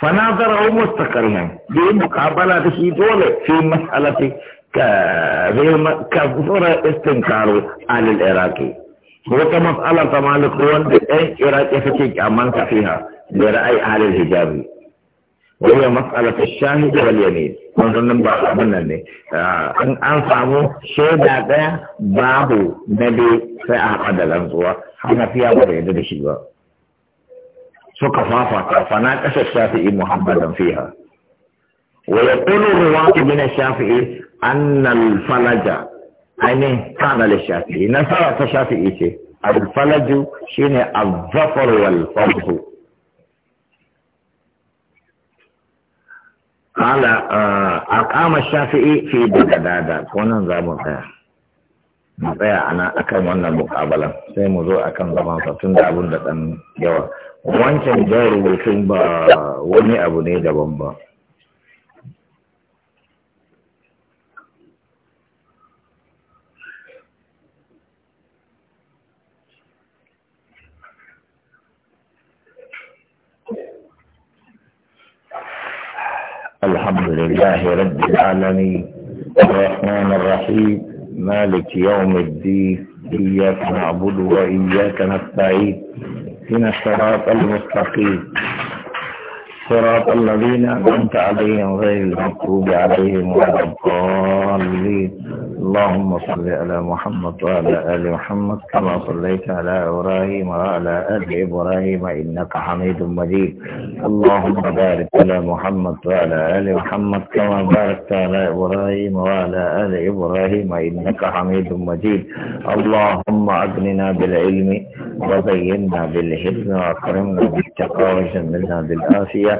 فناظره مستقرها dole. في دولة في مسألة كثر استنكار آل العراقي wata matsalar ta maliku wanda ɗan iraki suke kyaman kafiha da ra'ayi ahalin hijabi wani matsalar ta shahidu wal yamin wanda nan ba abin nan ne ah, an samu shaida ɗaya babu na dai sai a haɗa da rantsuwa fiya ba da yadda da shi ba suka fafata fana ƙasar shafi'i muhammadan fiha wa yaqulu ruwatu min shafi'i annal falaja ainihin kana da shafi'i nasara ta shafi'i ce alfalaju shine azzafar wal uh, a kama shafi'i fi daga dada ko nan za mu tsaya a akan wannan mukabalan sai mu zo akan zaman sa tun da abun da dan yawa wancan jan ba wani abu ne daban ba الحمد لله رب العالمين الرحمن الرحيم مالك يوم الدين إياك نعبد وإياك نستعين من الصراط المستقيم صراط الذين أنعمت عليهم غير المغضوب عليهم ولا الضالين اللهم صل على محمد وعلى آل محمد كما صليت على إبراهيم وعلى آل إبراهيم إنك حميد مجيد اللهم بارك على محمد وعلى آل محمد كما باركت على إبراهيم وعلى آل إبراهيم إنك حميد مجيد اللهم أغننا بالعلم وزينا بالحلم وأكرمنا بالتقوى وجملنا بالعافية